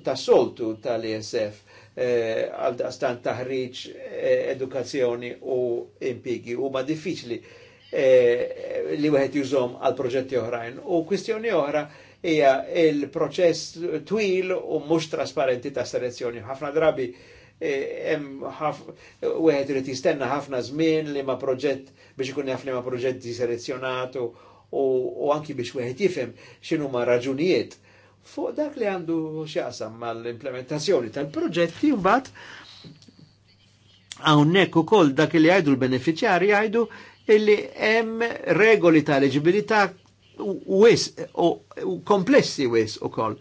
ta' soltu tal-ESF Eh, għal daqstan taħriġ, eh, edukazzjoni u impigi. U ma diffiċli eh, li wieħed jużom għal proġetti oħrajn. U kwistjoni oħra hija il-proċess twil u mhux trasparenti ta' selezzjoni. Ħafna drabi hemm wieħed irid jistenna ħafna żmien li ma proġett biex ikun jaf li ma proġett diselezzjonatu u anki biex wieħed jifhem x'inhu ma raġunijiet Fuq dak li għandu ma l implementazzjoni tal-proġetti, mbagħad hawnhekk ukoll dak li għajdu l-beneficjari għajdu illi hemm regoli tal-eġibilità wis u komplessi wis u ukoll.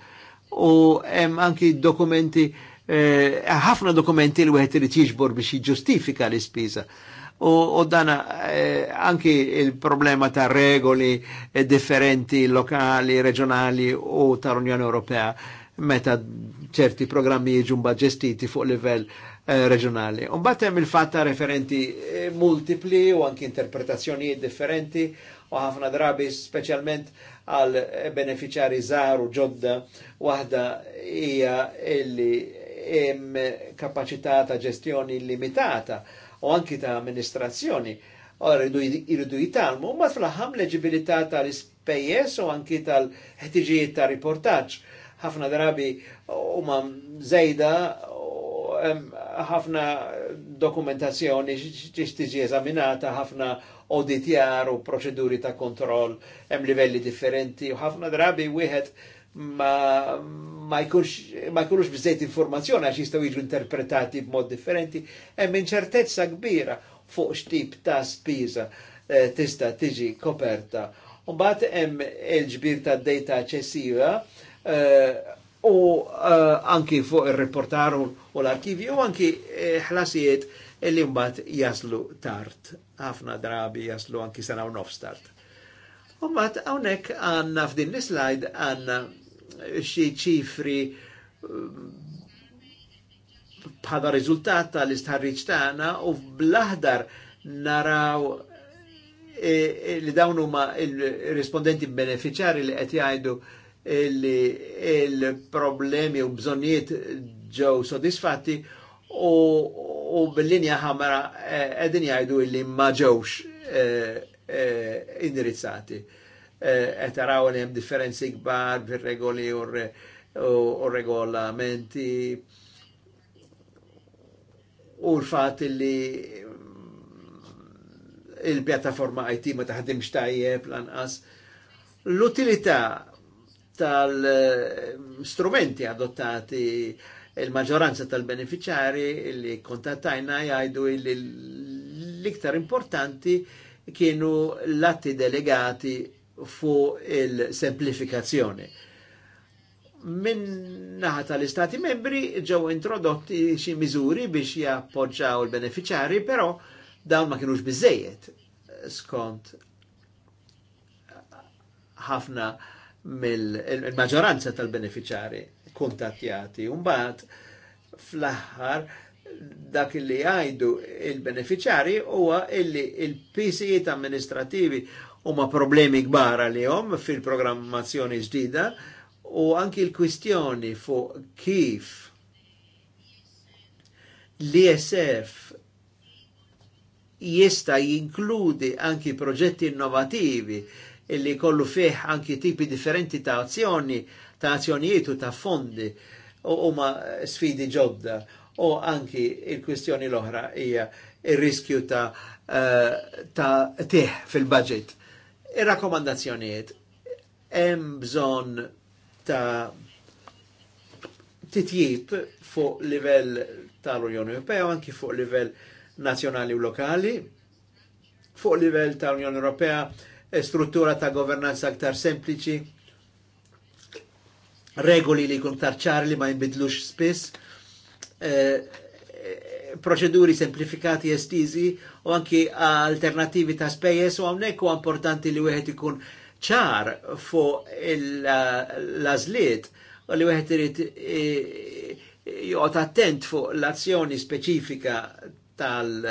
U hemm anki dokumenti eh, ħafna eh, dokumenti l wieħed irid jiġbor biex jiġġustifika l-ispiża u dana eh, anki il-problema ta' regoli eh, differenti lokali, regionali u tal-Unjoni Ewropea meta ċerti programmi jiġu ġestiti fuq livell eh, regionali. Umbat hemm il-fatt ta' referenti eh, multipli u anki interpretazzjonijiet differenti u ħafna drabi speċjalment għal eh, beneficjari żgħar u ġodda waħda hija illi hemm kapacità ta' ġestjoni limitata u anki ta' amministrazzjoni irridu jitalmu, ma fl-ħam leġibilità tal-ispejjes u anki tal-ħtiġijiet ta' riportaċ. ħafna drabi u ma zejda ħafna dokumentazzjoni ġistiġi eżaminata, ħafna auditjar u proċeduri ta' kontroll, hemm livelli differenti u ħafna drabi wieħed ma, ma jkunx, ma jkunux bżejt informazzjoni għax jistaw jiġu interpretati b'mod differenti, hemm inċertezza kbira fuq x'tip ta' spiża eh, tista' tiġi koperta. Mbagħad hemm il-ġbir ta' data ċessiva eh, u eh, anki fuq ir-reportar u l-arkivi u anki eh, ħlasijiet li mbagħad jaslu tard. Ħafna drabi jaslu anki sena u nofs tard. Mbagħad hawnhekk għandna f'din l-slide għandna xi ċifri um, bħala riżultat tal-istħarriġ tagħna u blaħdar naraw e, e, li dawn huma il-rispondenti beneficjari li qed jgħidu il-problemi u bżonnijiet ġew sodisfatti u, bil-linja ħamra e, qegħdin jgħidu li ma ġewx indirizzati. Eh, etaraw li jem differenzi gbar fil regoli u regolamenti u l fat li mm, il-pjattaforma IT ma taħdimx tajjeb lanqas. L-utilità tal-strumenti adottati il-maġoranza tal beneficiari li kontattajna jajdu li l-iktar importanti kienu l-atti delegati fuq il-semplifikazzjoni. Minn naħa tal-Istati membri ġew introdotti xi miżuri biex jappoġġaw il-beneficjari, però dawn ma kienux biżejjed skont ħafna mill-maġġoranza tal-beneficjari kuntattjati. Umbat fl-aħħar dak li għajdu il-beneficjari huwa illi il pci amministrativi huma problemi kbar għalihom fil-programmazzjoni ġdida u anki l-kwistjoni fuq kif l-ISF jista jinkludi anki proġetti innovativi illi kollu fih anki tipi differenti ta' azzjoni, ta' azzjonijiet u ta' fondi u huma sfidi ġodda u anki il-kwistjoni l-oħra hija il-riskju ta' eh, ta' teħ fil-budget Ir-rakkomandazzjonijiet hemm bżonn ta' titjib fuq livell tal-Unjoni Ewropea anki fuq livell nazzjonali u lokali. Fuq livell tal-Unjoni Ewropea e struttura ta' governanza aktar sempliċi, regoli li kun tarċar li ma jinbidlux spiss, eh, proċeduri semplifikati estizi u anki alternativi ta' spejjeż u hawnhekk huwa importanti li wieħed ikun ċar fuq l-azliet u li wieħed irid joqgħod attent fuq l-azzjoni speċifika tal-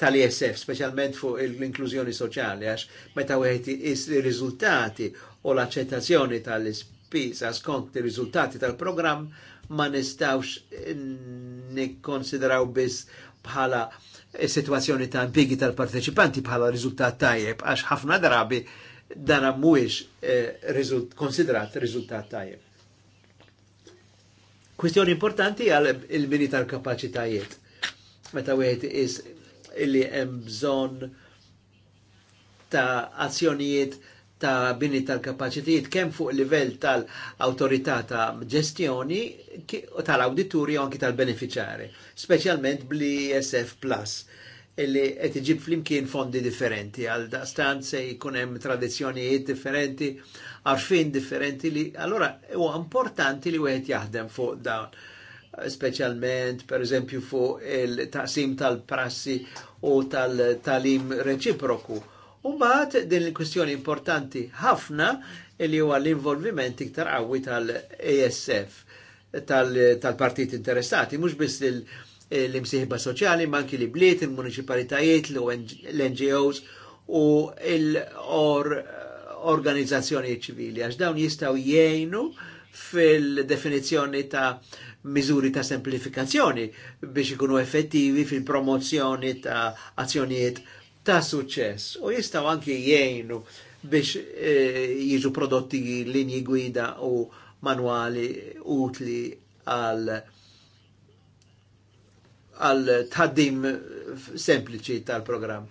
tal-ISF, specialment fuq l-inklużjoni soċjali, għax meta wieħed is riżultati u l-accettazzjoni tal-ispisa skont ir-riżultati tal-programm ma nistawx nikkonsidraw biss bħala uh, situazzjoni ta' impigi tal-parteċipanti bħala riżultat tajjeb, għax ħafna drabi dara mhuwiex eh, konsidrat riżultat tajjeb. Kwistjoni importanti għal il-mini tal-kapaċitajiet. Meta wieħed is illi hemm bżonn ta' azzjonijiet ta' bini tal kapacitiet kemm fuq livell tal-autorità ta' ġestjoni u tal-awdituri u anki tal-beneficjari, speċjalment bl sf Plus illi qed iġib flimkien fondi differenti għal daqstan se jkun hemm tradizzjonijiet differenti, għarfin differenti li allora huwa importanti li wieħed jaħdem fuq dawn specialment per eżempju fuq il-taqsim tal-prassi u tal-talim reċiproku U maħt din il-kwistjoni importanti ħafna li huwa l-involviment iktar qawwi tal-ASF tal-partit interessati, mhux biss eh, l-imsieħba soċjali, ma anki li bliet, il-municipalitajiet, l-NGOs u l-organizzazzjoni ċivili, għax dawn jistaw jgħinu fil-definizjoni ta' miżuri ta' semplifikazzjoni biex ikunu effettivi fil-promozzjoni ta' azzjonijiet ta' suċess u jistaw anki jgħinu biex eh, jiġu prodotti linji gwida u manuali utli għal għal tħaddim sempliċi tal-programm.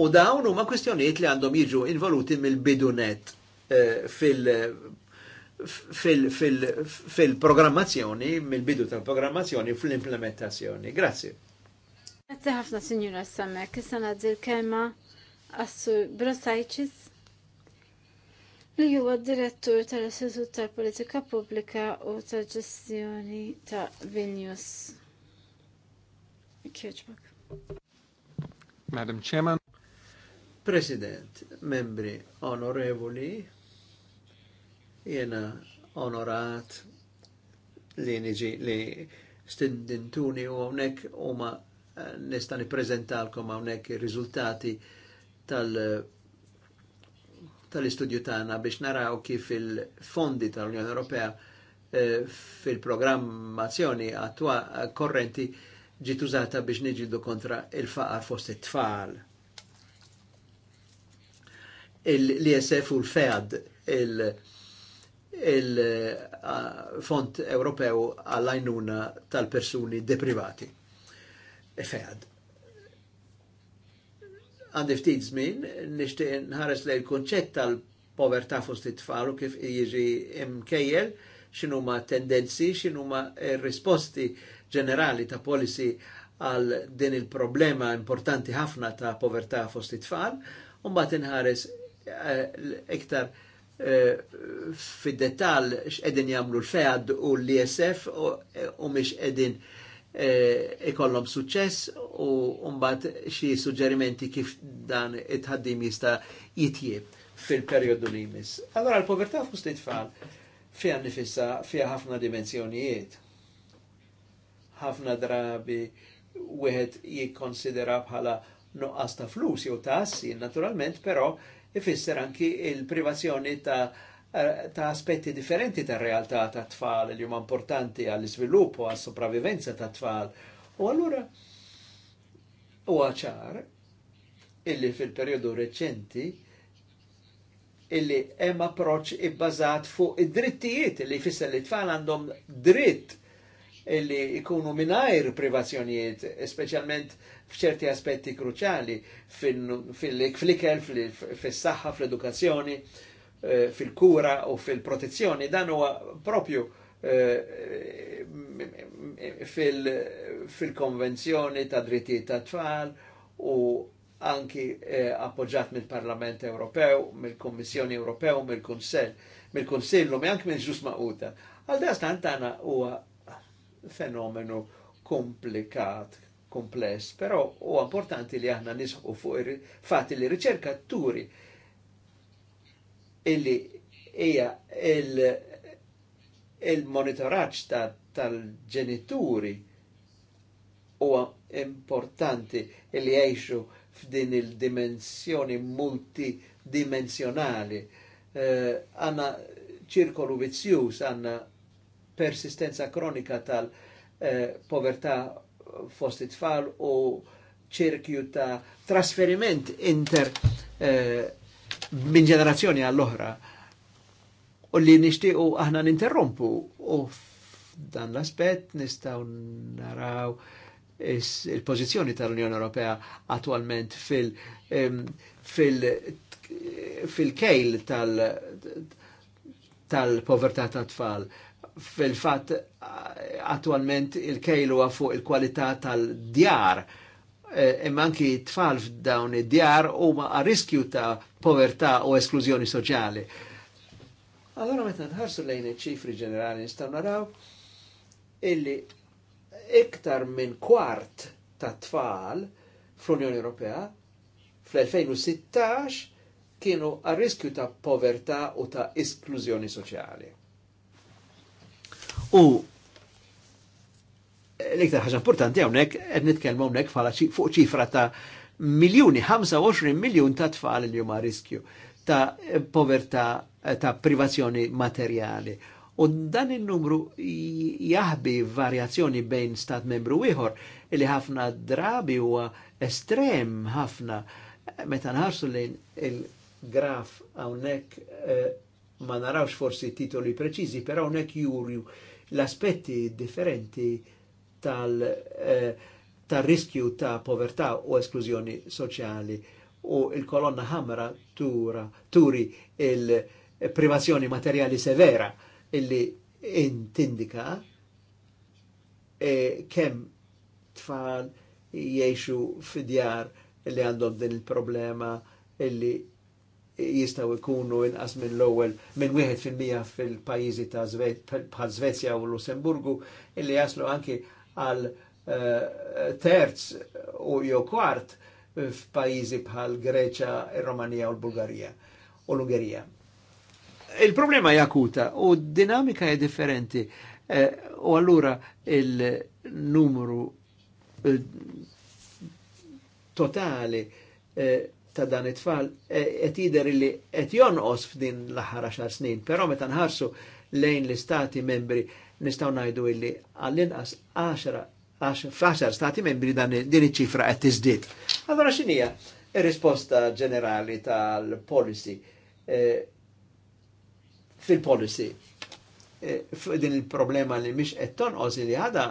U dawn huma kwistjonijiet li għandhom jiġu involuti mill-bidunet eh, fil-programmazzjoni, mill-bidu tal-programmazzjoni fl-implementazzjoni. Grazie. Grazzi ħafna Sinjura Samek, issa ngħaddi l-kelma għassu Brosajċis li huwa direttur tal-Istitut tal-Politika Publika u tal-Ġestjoni ta' Vilnius. Kieġbak. Madam Chairman. President, membri onorevoli, jena onorat li niġi li stindintuni u għonek u ma' nista' nippreżentalkom hawnhekk ir-riżultati tal- tal-istudju tagħna biex naraw kif il-fondi tal-Unjoni Ewropea eh, fil-programmazzjoni attwa korrenti ġiet użata biex niġildu kontra il-faqar fost it-tfal. L-ISF u l-FEAD, il-Fond eh, Ewropew għall ajnuna tal-persuni deprivati fed. Għandi ftit żmien nixtieq nħares lejn il-kunċett tal-povertà fost it-tfal u kif jiġi imkejjel xinu ma tendenzi, xinu ma risposti ġenerali ta' policy għal din il-problema importanti ħafna ta' povertà fost it-tfal, u mbagħad inħares eh, iktar eh, fid-detal x'edin jagħmlu l-FEAD u l-ISF eh, u mhix qegħdin Eh, ikollom suċċess u mbagħad xi suġġerimenti kif dan it-ħaddim jista' jitjieb fil-perjodu li jmiss. Allora l-povertà fost it-tfal fiha nifissa fiha ħafna dimensjonijiet. Ħafna drabi wieħed jikkonsidera bħala nuqqas ta' flus jew ta' assi, naturalment, però ifisser anki il-privazzjoni ta' Eh, ta' aspetti differenti ta' realtà ta' tfal li huma importanti għall u għas sopravivenza ta' tfal. U allura huwa ċar illi fil-perjodu reċenti illi hemm approċċ ibbażat fuq id-drittijiet li jfisser li tfal għandhom dritt illi jkunu minajr privazzjonijiet, speċjalment f'ċerti aspetti kruċali fil-ikel, fil-saħħa, fl-edukazzjoni. Fil Eh, fil-kura u fil-protezzjoni dan huwa propju eh, fil-konvenzjoni ta' dritti ta' tfal u anki eh, appoġġat mill-Parlament Ewropew, mill-Kommissjoni Ewropew, mill-Kunsell, mill-Kunsillu, mi anki mill-ġus maquta. Għal dastan tana huwa fenomenu komplikat, kompless, però u importanti li aħna nisħu fuq il-fat li riċerkaturi turi illi hija il-monitoraġġ il tal-ġenituri ta huwa importanti illi jgħixu f'din il-dimensjoni multidimensjonali. Eh, għanna eh, ċirkolu vizzjuż, għanna persistenza kronika tal-povertà eh, uh, fost it-tfal u ċirkju ta' trasferiment inter uh, minn ġenerazzjoni għall-oħra. U li nixtiequ aħna ninterrompu u dan l-aspett nistgħu naraw il-pożizzjoni tal-Unjoni Ewropea attualment fil- fil fil-kejl tal-povertà tal tat-tfal. Fil-fat, attualment il-kejl huwa fuq il-kwalità tal-djar Eh, imma anki tfal f'dawn id-djar huma a riskju ta' povertà u esklużjoni soċjali. Allora meta nħarsu lejn iċ-ċifri ġenerali nistgħu naraw illi iktar minn kwart ta' tfal fl-Unjoni Ewropea fl-2016 kienu a riskju ta' povertà u ta' esklużjoni soċjali. U l-iktar ħaġa importanti hawnhekk qed nitkelmu hawnhekk bħala fuq ċifra ta' miljuni, 25 miljun ta' tfal li huma riskju ta' povertà ta' privazzjoni materjali. U dan il-numru jaħbi varjazzjoni bejn stat membru ieħor li ħafna drabi u estrem ħafna meta nħarsu lejn il-graf hawnhekk eh, ma narawx forsi titoli preċiżi, pero hawnhekk jurju l-aspetti differenti tal-riskju eh, ta' povertà u esklużjoni soċjali u il-kolonna ħamra tura, turi il-privazzjoni materjali severa illi intindika e kemm tfal jiexu fidjar li għandhom din il-problema illi jistaw ikunu inqas minn l-ewwel minn wieħed fil-mija fil-pajjiżi ta' Zvezja u Lussemburgu illi jaslu anki għal eh, terz u jew kwart f'pajjiżi bħal Greċa, Romania u l-Bulgarija u l-Ungerija. Il-problema akuta u d dinamika hija differenti eh, u allura il-numru totali eh, ta' dan it-tfal qed jidher li qed jonqos f'din l-aħħar xar snin, però meta nħarsu lejn l-istati membri nistaw najdu illi għall-inqas 10 f'għaxar stati membri dan din iċ-ċifra qed tiżdied. Allora x'inhija ir-risposta ġenerali tal-policy eh, fil-policy eh, din il-problema li mhix qed tonqos li ħada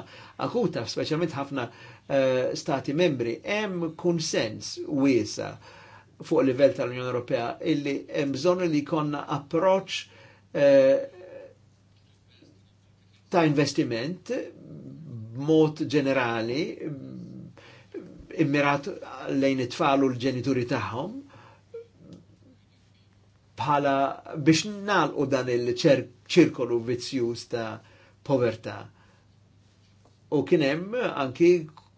akuta speċjalment ħafna eh, stati membri hemm kunsens wiesa fuq livell tal-Unjoni Ewropea illi hemm bżonn li jkollna approċċ ta' investiment mod ġenerali immirat lejn it-tfal u l-ġenituri tagħhom bħala biex nalqu dan il-ċirkolu vizzjuż ta' povertà. U kien hemm anki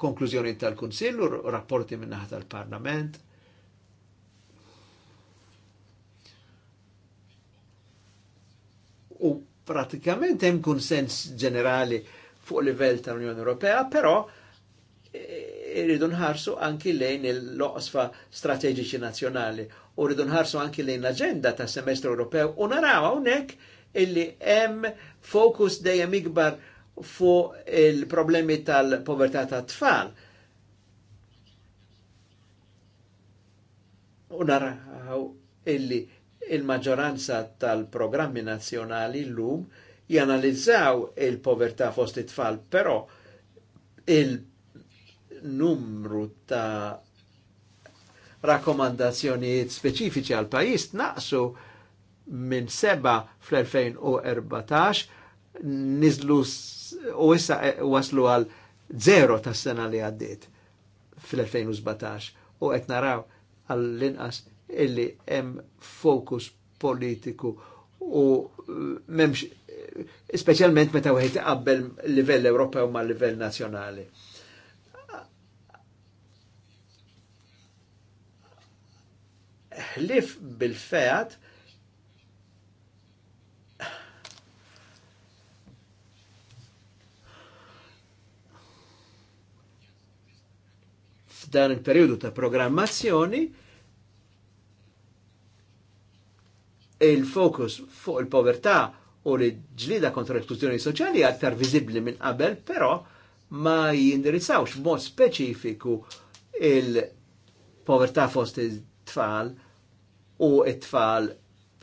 konklużjoni tal-Kunsill u rapporti minnaħa tal-Parlament. U pratikament hemm konsens ġenerali fuq livell tal-Unjoni Ewropea, però e, irridu nħarsu anki lejn il-loqsfa strateġiċi nazzjonali u rridu nħarsu anki lejn l-agenda ta' semestru Ewropew u naraw hawnhekk illi hemm fokus dejjem ikbar fuq il-problemi tal-povertà ta' tfal. U naraw illi il-maġġoranza tal-programmi nazzjonali llum janalizzaw il-povertà fost it-tfal, però il-numru ta' rakkomandazzjonijiet speċifiċi għal pajis naqsu minn seba fl-2014 nizlu u issa eh, waslu għal zero tas sena li għaddit fl-2017 u qed naraw għall-inqas illi hemm fokus politiku u eh, memx eh, specialment meta wieħed qabel livell Ewropew ma' livell nazzjonali. Ħlif bil-feat f'dan il-periodu ta' programmazzjoni il-fokus fuq il-povertà u li ġlida kontra l-istituzzjoni soċjali aktar viżibbli minn qabel, però ma jindirizzawx mod speċifiku il-povertà fost it-tfal u it-tfal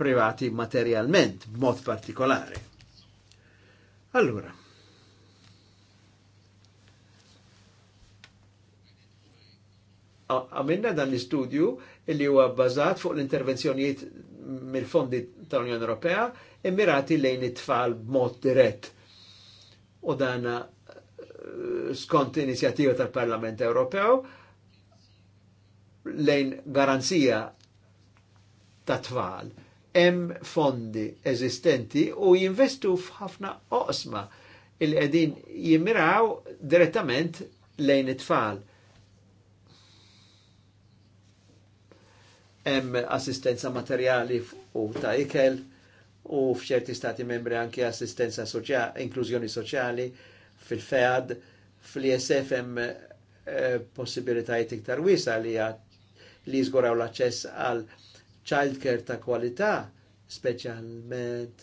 privati materialment b'mod partikolari. Allura, għamilna dan l-istudju li huwa bbażat fuq l-intervenzjonijiet mill-fondi tal-Unjoni Ewropea immirati lejn it-tfal b'mod dirett. U dan eh, skont inizjattiva tal-Parlament Ewropew lejn garanzija ta' tfal hemm fondi eżistenti u jinvestu f'ħafna oqsma il qegħdin jimmiraw direttament lejn it-tfal hemm assistenza materjali u ta' ikel u f'ċerti stati membri anke assistenza soċjali, inklużjoni soċjali fil-FEAD, fl-ISF hemm eh, possibilitajiet iktar wisa li li jżguraw l-aċċess għal childcare ta' kwalità, speċjalment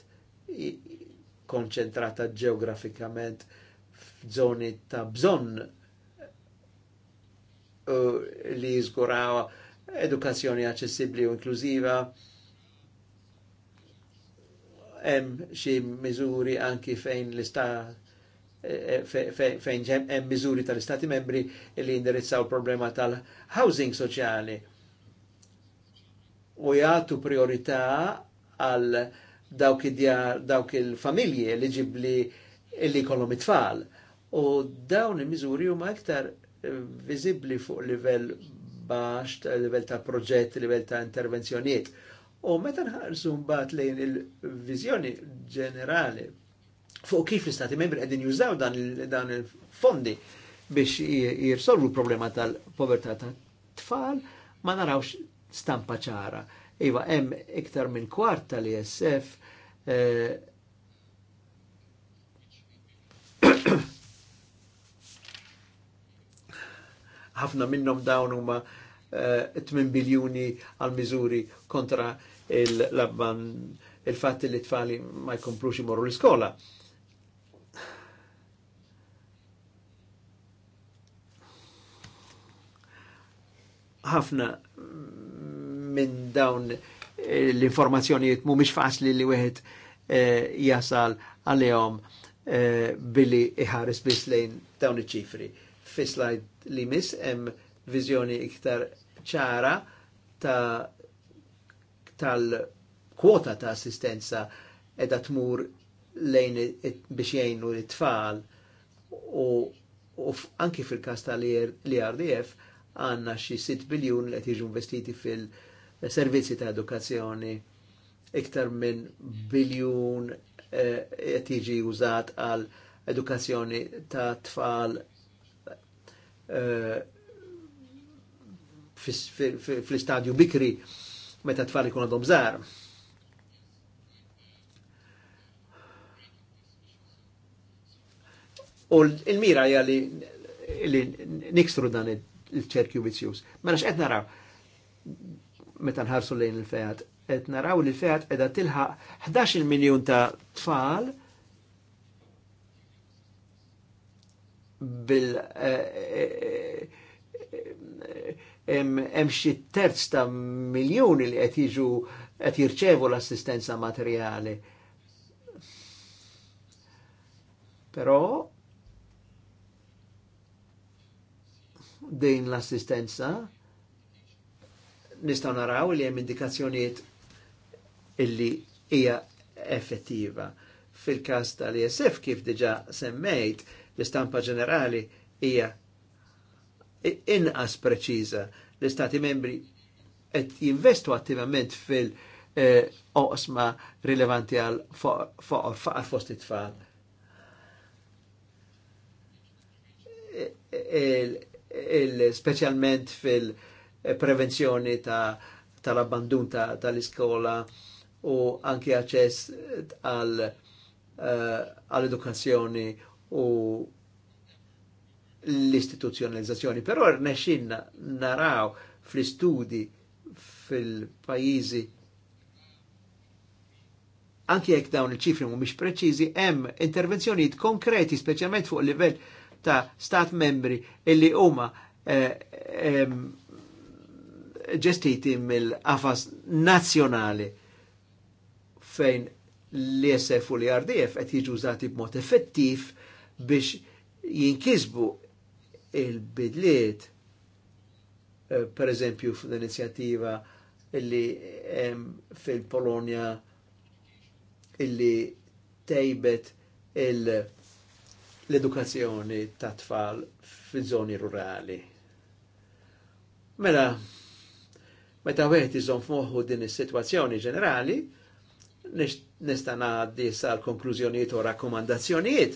konċentrata ġeografikament f'żoni ta' bżonn eh, li jizguraw edukazzjoni aċċessibbli u inklużiva, hemm xi miżuri anki fejn l-istat eh, eh, fejn hemm miżuri tal-Istati membri li indirizzaw problema tal-housing soċjali u jgħatu priorità għal dawk dawk il-familji li ġibli li kollhom it-tfal. U dawn il-miżuri huma iktar eh, viżibbli fuq livell baxx, level ta' proġett, level ta' intervenzjoniet. U meta nħarsu mbagħad lejn il-viżjoni ġenerali fuq kif l-istati membri qegħdin jużaw dan il-fondi biex jirsolvu l-problema tal-povertà ta' tfal, ma narawx stampa ċara. Iva, hemm iktar minn kwart tal-ISF eh, ħafna minnhom dawn huma 8 eh, biljuni għal miżuri kontra il-labban il-fatt li tfali ma jkomplux imorru l-iskola. ħafna minn dawn eh, l-informazzjonijiet mhumiex faċli li wieħed eh, jasal għalihom billi iħares bis lejn dawn iċ-ċifri fislajt li mis hemm viżjoni iktar ċara ta' tal-kwota ta' assistenza edha tmur lejn biex jgħinu l-tfal u, anki fil-kas tal-IRDF għanna xi 6 biljun li qed jiġu investiti fil-servizzi ta' edukazzjoni iktar minn biljun eh, qed jiġi użat għal edukazzjoni ta' tfal Eh, fil-stadju bikri meta tfal ikun għadhom zar. U l-mira hija li nikstru dan il-ċerkju vizzjuż. Mela x'qed naraw meta nħarsu lejn il-fejat, qed naraw li l-fejat qiegħda tilħaq 11 miljun ta' tfal bil hemm eh, eh, eh, xi terz ta' miljuni li qed jiġu qed jirċevu l-assistenza materjali. Però din l-assistenza nistgħu naraw li hemm indikazzjonijiet illi hija effettiva. Fil-każ tal-ISF kif diġà semmejt, l-istampa ġenerali hija inqas preċiża l-istati membri qed jinvestu attivament fil-oqsma eh, rilevanti għal faqar fost it-tfal. E-, specialment fil-prevenzjoni tal-abbandun tal-iskola u anki aċċess għal-edukazzjoni eh, u l-istituzjonalizzazzjoni. Però rnexin naraw fl-istudi fil-pajizi anki jekk dawn il-ċifri mhumiex preċiżi, hemm intervenzjonijiet konkreti, speċjalment fuq livell ta' stat membri illi huma eh, ġestiti eh, eh, mill-qafas nazzjonali fejn l-ISF u l-IRDF qed jiġu użati b'mod effettiv biex jinkisbu il-bidliet, eh, per eżempju f'l-inizjattiva illi fil polonia illi tejbet l-edukazzjoni ta' tfal fi zoni rurali. Mela, meta wieħed iżomm f'moħu din is-sitwazzjoni ġenerali, nista' ngħaddi sa l-konklużjonijiet u rakkomandazzjonijiet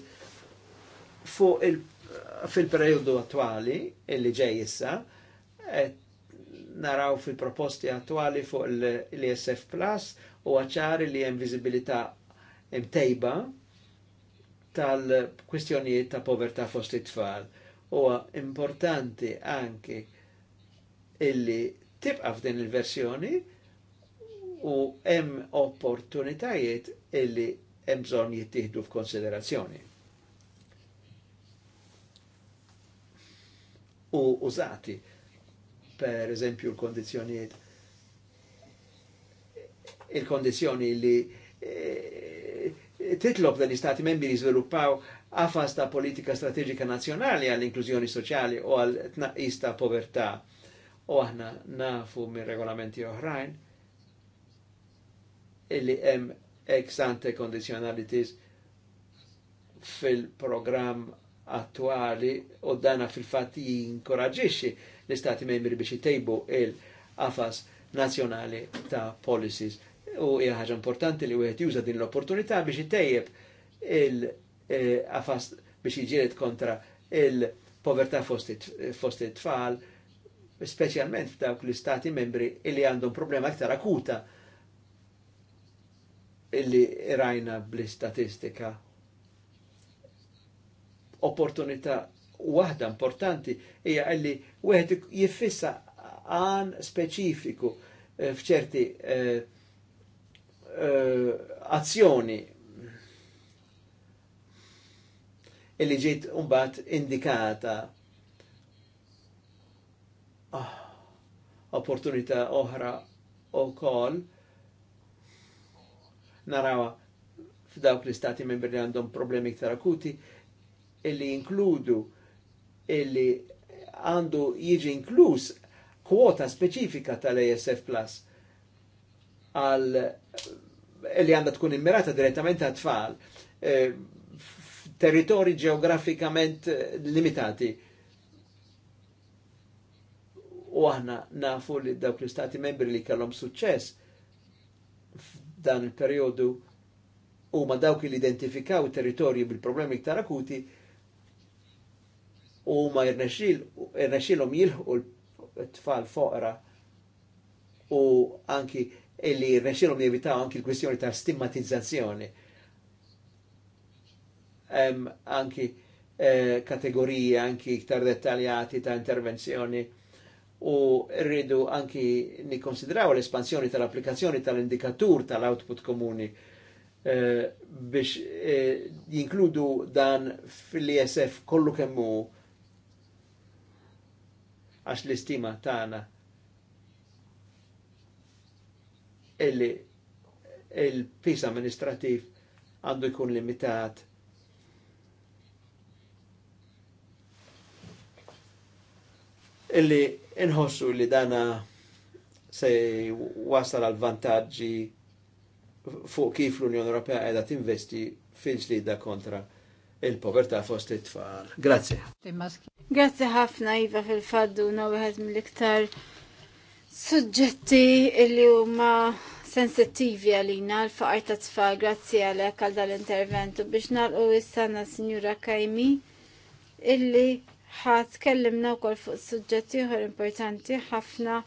fuq fil-periodu attuali, illi ġej issa, naraw fil-proposti attuali fuq l-ISF Plus u għacċari li jem vizibilita imtejba tal-kwistjonijiet ta' povertà fost it-tfal. Huwa importanti anki illi tibqa' f'din il-versjoni u hemm opportunitajiet illi hemm bżonn jittieħdu f'konsiderazzjoni. u użati. Per eżempju l-kondizjoniet il-kondizjoni li eh, titlob dan istati membri li sviluppaw għafas ta' politika strategika nazjonali għall-inklużjoni soċjali u għal tnaqqis ta' povertà. U aħna nafu minn regolamenti oħrajn illi hemm ex ante conditionalities fil-programm attuali u dana fil-fat jinkoraġiċi l-istati membri biex jitejbu il affas nazjonali ta' policies u hija ħaġa importanti li wieħed juża din l-opportunità biex jitejb il-qafas biex jġiret kontra il-povertà fosti tfal specialment f'dawk l-istati membri li għandhom problema aktar akuta illi rajna bl-istatistika opportunità waħda importanti hija li wieħed jiffissa għan speċifiku eh, f'ċerti eh, eh, azzjoni illi ġiet mbagħad indikata oh, opportunità oħra wkoll kol narawa f'dawk l-istati membri li għandhom problemi iktar akuti illi inkludu illi għandu jiġi inkluż kwota speċifika tal-ASF Plus għal illi għandha tkun immirata direttament għat tfal eh, territori ġeografikament eh, limitati. U aħna nafu li dawk l-istati membri li kellhom suċċess f'dan il u huma dawk li identifikaw territorji bil-problemi iktar akuti u ma jirnexilom jilħu l-tfal foqra u anki illi jirnexilom jevitaw anki l-kwestjoni ta' stigmatizzazzjoni. anki eh, kategoriji anki iktar dettaljati ta' intervenzjoni u rridu anki nikonsidraw l-espansjoni tal-applikazzjoni tal-indikatur tal-output komuni eh, biex eh, jinkludu dan fil-ISF kollu kemmu għax l-istima tagħna illi il-pis amministrativ għandu jkun limitat illi inħossu li dana se wasal għal vantaġġi fuq kif l-Unjoni Ewropea qiegħda tinvesti fil ġlieda kontra il-povertà fost it-tfal. Grazie. Grazie ħafna Iva fil-faddu na wieħed mill-iktar suġġetti li huma sensittivi għalina l-faqar ta' tfal. Grazzi għalek għal dal-interventu biex nalqu s-sana Signora Kajmi illi kellimna wkoll fuq suġġetti oħra importanti ħafna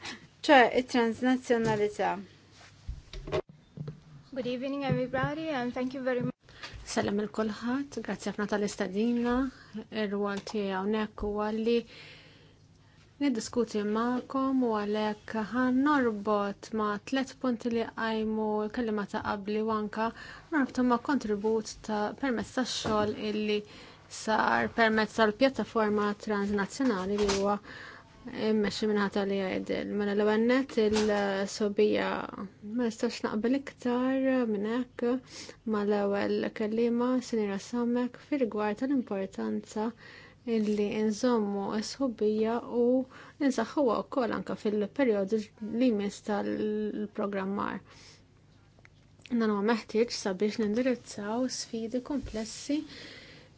ċa it-transnazzjonalità. Good evening everybody and thank you very much. Salam il-kulħat, grazzi għafna tal-istadina, il-rwal tijaw nekku għalli Niddiskuti ma'kom u għalek ħan norbot ma' tlet punti li għajmu l-kellima ta' qabli wanka norbtu ma' kontribut ta' permezz ta' xogħol illi sar permezz tal-pjattaforma transnazzjonali li huwa Immaxi minnata li għajdil. Mela l-għannet il-sobija ma nistax naqbel iktar minnek ma l-għal kallima sinira samek fi gwar tal-importanza illi nżommu s-sobija u nsaxħuwa u kol anka fil-periodu li mis tal-programmar. Dan huwa sabiex nindirizzaw sfidi komplessi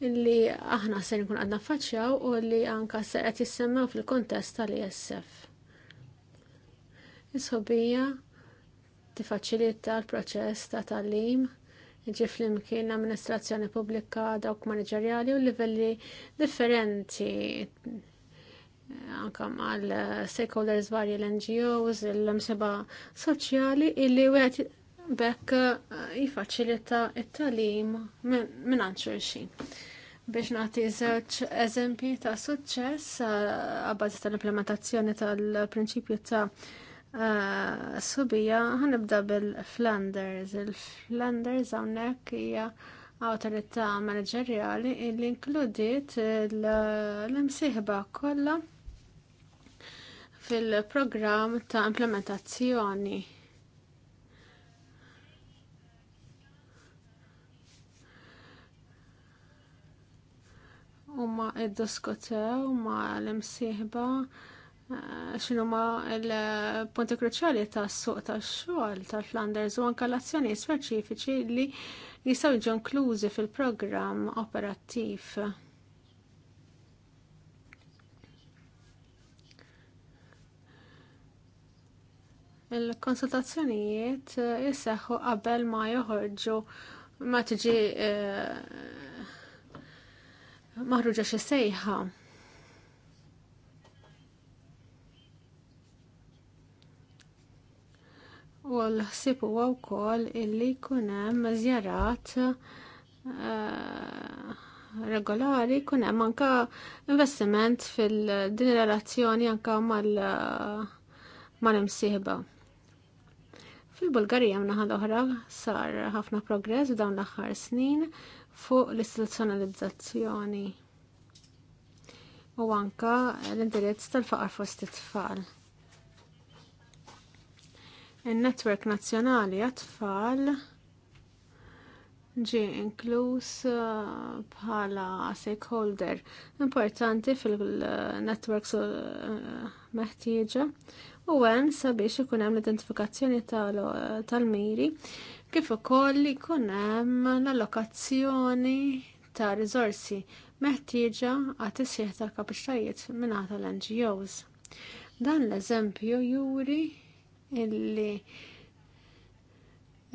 li aħna se nkun għadna faċċaw u li anka se qed jissemmew fil-kontest tal-ISF. Is-ħobbija tifaċilita l-proċess ta' tagħlim ġiflim l amministrazzjoni pubblika dawk manageriali u livelli differenti anka mal stakeholders varji l-NGOs, l-mseba soċjali illi wieħed bekk eh, jifaċilita it-talim minn għan xulxin. Biex nagħti żewġ eżempji ta' suċċess eh, għabbażi tal-implementazzjoni tal-prinċipju ta' eh, subija ħanibda bil-Flanders. Il-Flanders hawnhekk hija awtorità manageriali illi inkludiet l-imsieħba kollha fil-programm ta' implementazzjoni huma id-diskutew ma l-imsieħba eh, xinu ma l-punti kruċali ta' suq ta' xogħol ta' Flanders u anka l-azzjoni speċifiċi li jisaw ġo inklużi fil-programm operattiv. Il-konsultazzjonijiet eh, jisseħħu qabel ma joħorġu ma tiġi eh, maħruġa xi sejħa. U l ħsibu għaw wkoll illi jkun hemm żjarat eh, regolari jkun hemm anke investiment fil-din relazzjoni anka eh, mal-imsieħba. Fil-Bulgarija mnaħad l-oħra sar ħafna progress dawn l-aħħar snin fuq l-istituzzjonalizzazzjoni u anka l-indirizz tal-faqar fost it-tfal. Il-Netwerk Nazzjonali għat-tfal ġi inkluż uh, bħala stakeholder importanti fil network uh, meħtieġa u għen sabiex ikun hemm l-identifikazzjoni uh, tal-miri kif ukoll li jkun hemm l-allokazzjoni ta' riżorsi meħtieġa għat isjeħ tal-kapaċitajiet mingħata tal-NGOs. Dan l-eżempju juri illi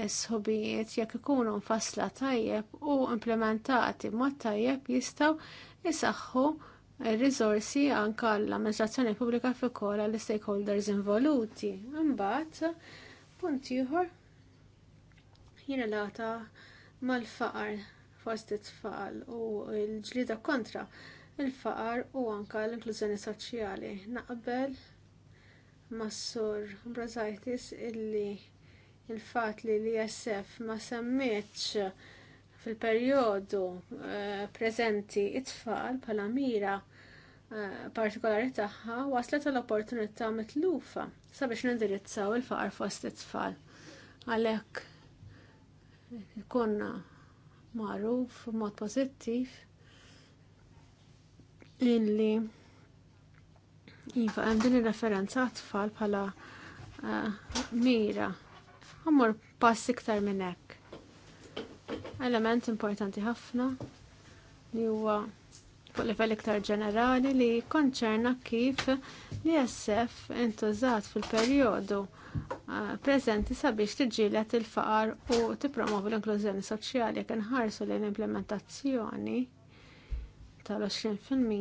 s-ħobijiet jekk ikunu mfassla tajjeb u implementati mod tajjeb jistgħu jisaxħu r-riżorsi anke l-amministrazzjoni pubblika fi kolla l-stakeholders involuti. Imbagħad punt ieħor jirrelata mal-faqar fost it-tfal u l-ġlida kontra il-faqar u anka l-inklużjoni soċjali. Naqbel mas-sur Brazaitis illi il-fat li l-ISF ma semmitx fil-perjodu eh, prezenti preżenti it-tfal bħala mira eh, partikolari tagħha waslet l-opportunità mitlufa sabiex nindirizzaw il-faqar fost it-tfal. Għalhekk konna magħruf mod pozittiv illi Iva, hemm din referenza għat-tfal bħala eh, mira. Għamur pass iktar minn hekk. Element importanti ħafna li huwa fuq livell iktar ġenerali li konċerna kif li SF intużat fil-perjodu eh, preżenti sabiex tiġilet il-faqar u tippromovu l-inklużjoni soċjali jekk inħarsu lejn implementazzjoni tal-20%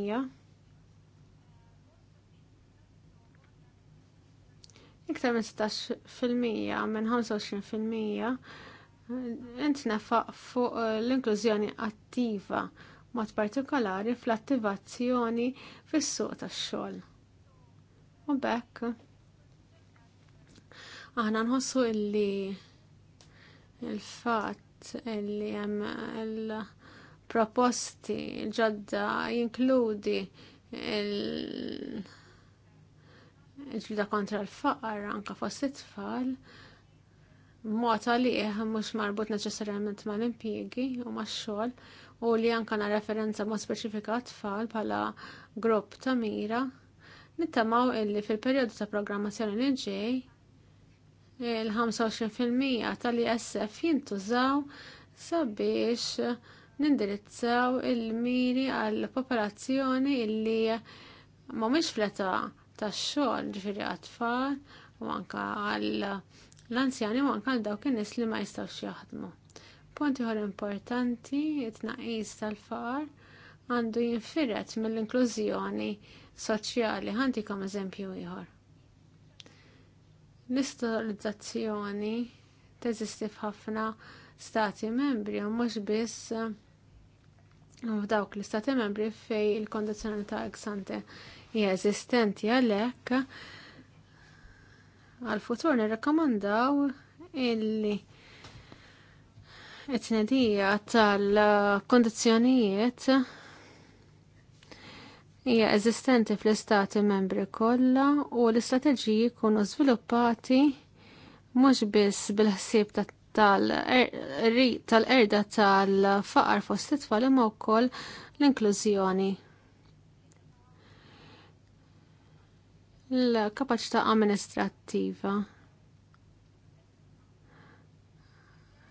iktar minn 16% minn 25% eh, intnefaq fuq l-inklużjoni attiva mod partikolari fl-attivazzjoni fis-suq tax-xogħol. U bekk aħna nħossu illi il-fatt illi hemm il-proposti ġodda jinkludi il- ġlida kontra l-faqar anka fost it-tfal mod għalih mhux marbut neċessarjament mal-impjiegi u max-xogħol u li anka na referenza ma' speċifika tfal bħala grupp ta' mira, nittamaw illi fil-periodu ta' programmazzjoni li ġej il-25% tal-ISF jintużaw sabiex nindirizzaw il-miri għall popolazzjoni illi mhumiex fleta tax-xogħol ġifiri għat-tfal u anka għall anzjani u anka għal dawk in-nies li ma jistgħux jaħdmu. Punti ieħor importanti, it-tnaqqis tal far għandu jinfirret mill-inklużjoni soċjali. kom eżempju ieħor. L-istorizzazzjoni teżisti f'ħafna stati membri u mhux biss f'dawk l-istati membri fej il-kondizjonalità eksante hija eżistenti għalhekk għal-futur nirrakkomandaw illi it-tnedija tal-kondizjonijiet hija eżistenti fl-istati membri kollha u l-istrateġiji jkunu żviluppati mhux biss bil-ħsieb tal-erda tal-faqar fost it-tfal imma wkoll l-inklużjoni. L-kapaċità amministrattiva.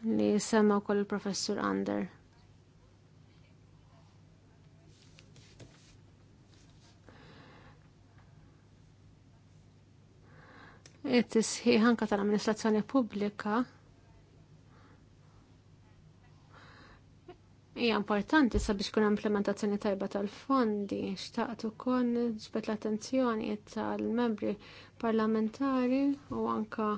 li semma wkoll il-professur Ander. it-tisħiħ anka tal-amministrazzjoni pubblika hija importanti sabiex kun implementazzjoni tajba tal-fondi, xtaqt ukoll ġbet l-attenzjoni tal-membri parlamentari u anka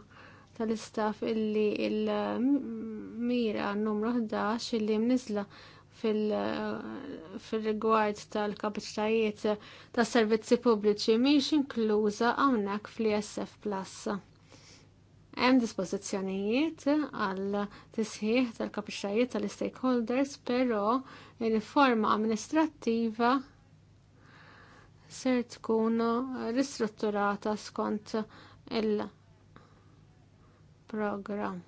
tal-istaff illi il-mira numru 11 illi mnizla fil-rigward tal-kapacitajiet tas servizzi pubbliċi miex inkluża hawnhekk fl-ISF Plus. Hemm dispożizzjonijiet għal tisħiħ tal-kapaċitajiet tal-stakeholders, però il-forma amministrattiva ser tkun ristrutturata skont il- program.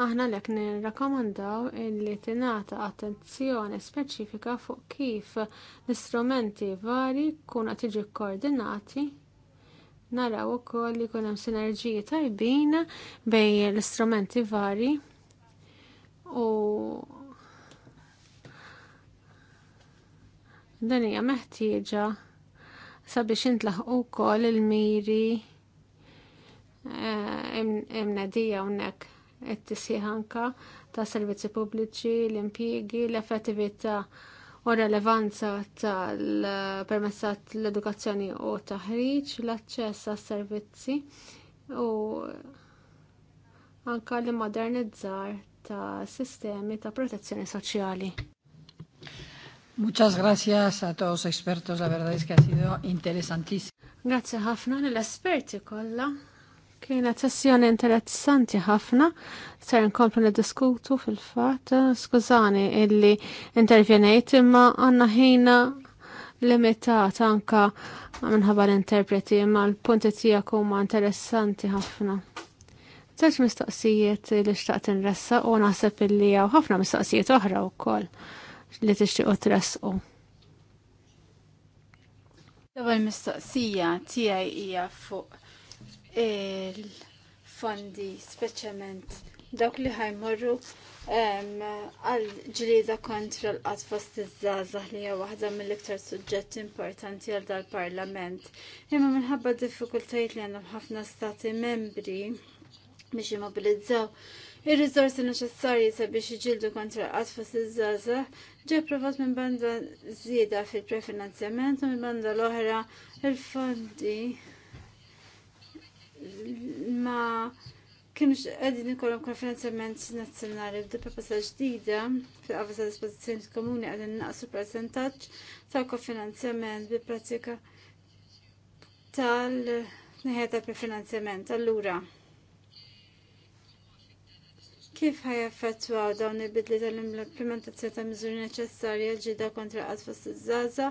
Aħna lek nirrakkomandaw illi tingħata attenzjoni speċifika fuq kif l-istrumenti vari kun qed jiġu kkoordinati naraw ukoll li jkun hemm sinerġiji tajbin bejn l-istrumenti vari u dan hija meħtieġa sabiex intlaħqu wkoll il-miri eh, imnedija hawnhekk it-tisħiħ anka ta' servizzi pubbliċi, l-impjiegi, l-effettività u relevanza tal-permessat l-edukazzjoni u taħriġ, l-aċċess għas servizzi u anka l-modernizzar ta' sistemi ta' protezzjoni soċjali. Muchas gracias a todos expertos, la verdad es que ha sido interesantísimo. Grazie ħafna l-esperti kollha. Kienet sessjoni interessanti ħafna, ser nkomplu niddiskutu fil-fatt, skużani illi intervjenejt imma għandna ħina limitat anka minħabba l-interpreti imma l-punti tiegħek huma interessanti ħafna. Żewġ mistoqsijiet li xtaqt inressa u naħseb illi hawn ħafna mistoqsijiet oħra wkoll li tixtiqu tresqu. L-ewwel mistoqsija tiegħi hija fuq il-fondi speċament dawk li ħajmorru għal ġlieda kontra l qatfost fost iż-żgħażagħ li hija waħda mill-iktar suġġetti importanti għal dal-Parlament. Imma minħabba diffikultajiet li għandhom ħafna stati membri biex jimmobilizzaw ir rizorsi neċessarji sabiex jiġildu kontra l qatfost iż-żgħażagħ ġie provat minn banda żieda fil-prefinanzjament u minn banda l-oħra il-fondi ma kienux għedin ikollhom konfinanzjament nazzjonali b'di proposta ġdida fil-qafas ta' dispożizzjoni komuni għedin naqsu prezentaċ ta' konfinanzjament bi pratika tal-neħeta prefinanzjament. Allura, Kif ħajaffettwaw dawn il-bidli tal-implementazzjoni ta' miżuri neċessarja ġida kontra qatt s iż-żaza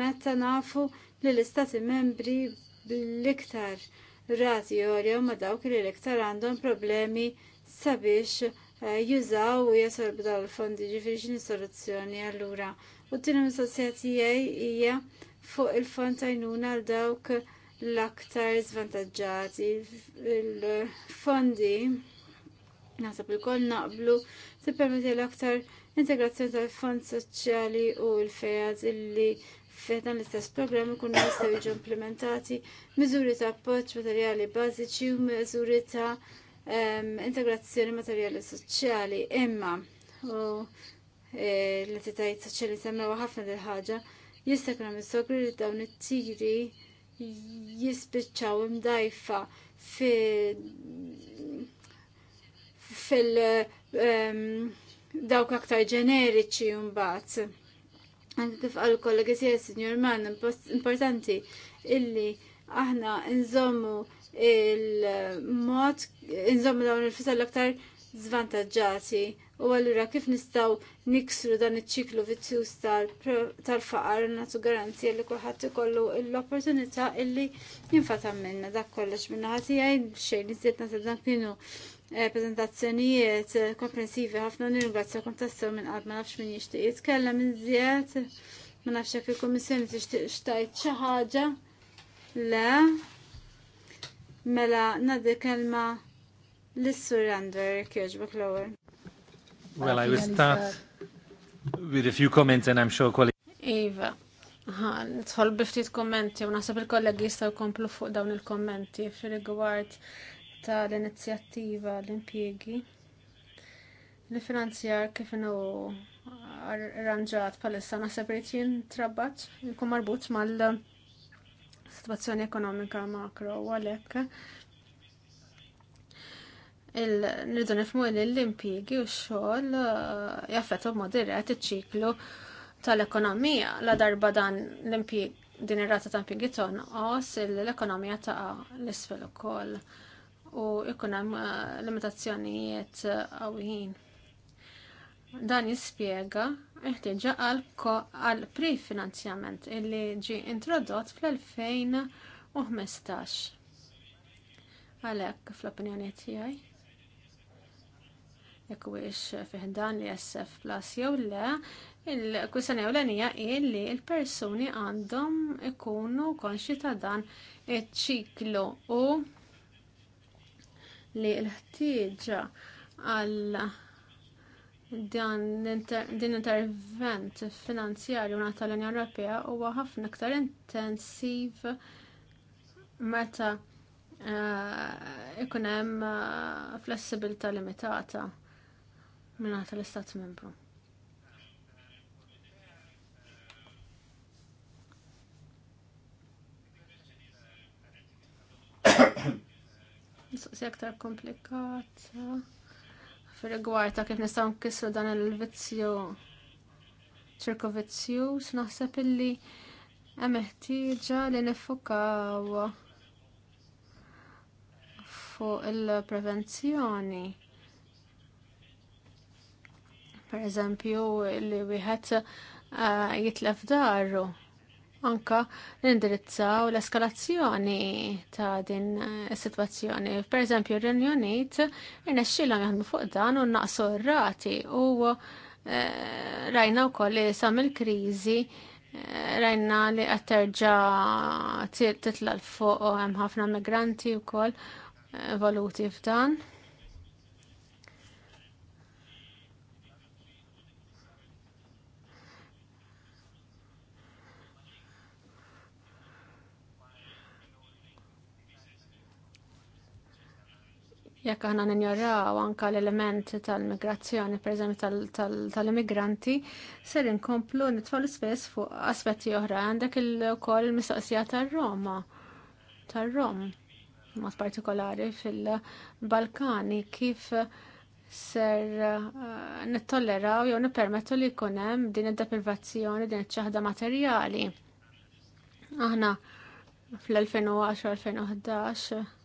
meta nafu li l-istati membri bl-iktar rati jorja ma dawk li l-iktar għandhom problemi sabiex eh, jużaw u jasorbu daw il-fondi ġifiri xini soluzzjoni allura. U t-tini mis-sosjetijaj hija fuq il-fond tajnuna għal dawk l-aktar zvantagġati. Il-fondi Nasab il-koll naqblu permetti l-aktar integrazzjoni tal-fond soċjali u l fejaz illi fetan l-istess programm ikunu jistgħu jiġu implementati miżuri ta' appoġġ materjali bażiċi u miżuri ta' ehm, integrazzjoni materjali soċjali. Imma u e, l-entitajiet soċjali semmew ħafna dil-ħaġa jista' jkun hemm li dawn it-tiri jispiċċaw imdajfa fi fil- um, dawk aktar ġeneriċi mbagħad. Anke kif qal kollegi tiegħi signor Mann importanti illi aħna nżommu il-mod nżommu dawn il-fisa l-aktar zvantagġati u allura kif nistgħu niksru dan iċ-ċiklu vizzjuż tal-faqar nagħtu garanzija li kulħadd ikollu l-opportunità illi jinfata' minna dak kollox minna ħati xejn iżjed nasa dan kienu Eh, prezentazzjonijiet eh, komprensivi ħafna nirringrazzjakom tassew minn qatt ma nafx minn jixtieq jitkellem iżjed ma nafx jekk il-Kummissjoni tixtieq xtajt xi ħaġa. Le. Mela nadi kelma l surrender jogħġbok l-ewwel. Well, I will start with a few comments and I'm sure colleagues. Iva, nitħol biftit kommenti u naħseb il-kollegi jistaw komplu fuq dawn il-kommenti fil-rigward ta' l-inizjattiva l impiegi li finanzjar kif inu arranġat palissa naħseb jien trabbat, jkun marbut mal situazzjoni ekonomika makro u għalhekk nridu nifmu li l impiegi u x-xogħol eh, jaffettu b'mod dirett iċ-ċiklu tal-ekonomija la darba dan l impiegi din ir-rata ta' impiegi tonqos l-ekonomija ta' l-isfel ukoll. koll u ikun hemm eh, limitazzjonijiet eh, qawwijin. Dan jispjega iħtieġa għal pre-finanzjament illi ġi introdott fl-2015. Għalhekk fl-opinjoni tiegħi jekk wiex fiħdan li SF Plus jew le, il-kwissjoni ewlenija hi li l-persuni għandhom ikunu konxi ta' dan iċ-ċiklu u li l-ħtieġa għal din intervent finanzjarju nata l-Unjoni Ewropea huwa ħafna aktar intensiv meta eh, ikun hemm eh, flessibilità limitata minn l-Istat Membru. se aktar komplikat fil-rigward ta' kif nistgħu nkissru dan il-vizzju ċirku vizzjuż naħseb illi hemm ħtieġa li nifukaw fuq il-prevenzjoni. Per eżempju, li wieħed eh, jitlef daru anka nindirizzaw l-eskalazzjoni ta' din is-sitwazzjoni. Eh, per eżempju, r-Renjonit irnexxilhom jaħdmu fuq dan u naqsu r-rati u eh, rajna wkoll li sam il-kriżi eh, rajna li għatterġa titla l-fuq hemm ħafna migranti wkoll valuti f'dan. jekk aħna ninjoraw anka l-element tal-migrazzjoni, pereżempju tal-immigranti, ser inkomplu nitfgħu l-ispess fuq aspetti oħra għandek il-wkoll il-mistoqsija tar-Roma. Tar-Rom, mod partikolari fil-Balkani, kif ser eh, nittolleraw jew nippermettu li jkun hemm din id-deprivazzjoni, din iċ-ċaħda materjali. Aħna fl-2010-2011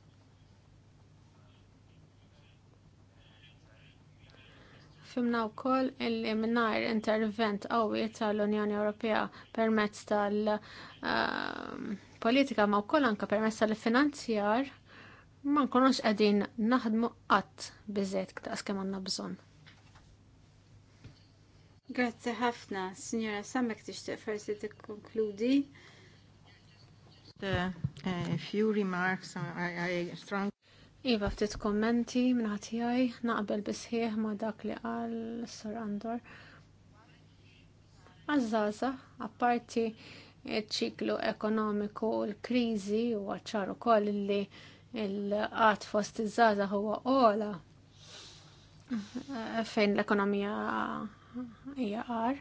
Fimna wkoll illi mingħajr intervent qawwi tal-Unjoni Ewropea permezz tal-politika ehm, ma wkoll anke permezz tal-finanzjar ma nkunux qegħdin naħdmu qatt biżejt kta' kemm għandna bżonn. Grazzi ħafna, Signora Samek tixtieq forsi tikkonkludi. A eh, few remarks I, I strongly Iva, ftit kommenti minnati għaj, naqbel bisħieħ ma dak li għal Sir Andor. Għazzaza, apparti ċiklu ekonomiku u l-krizi u għacċaru koll li l-għat fost iż-żaza huwa ola fejn l-ekonomija hija għar.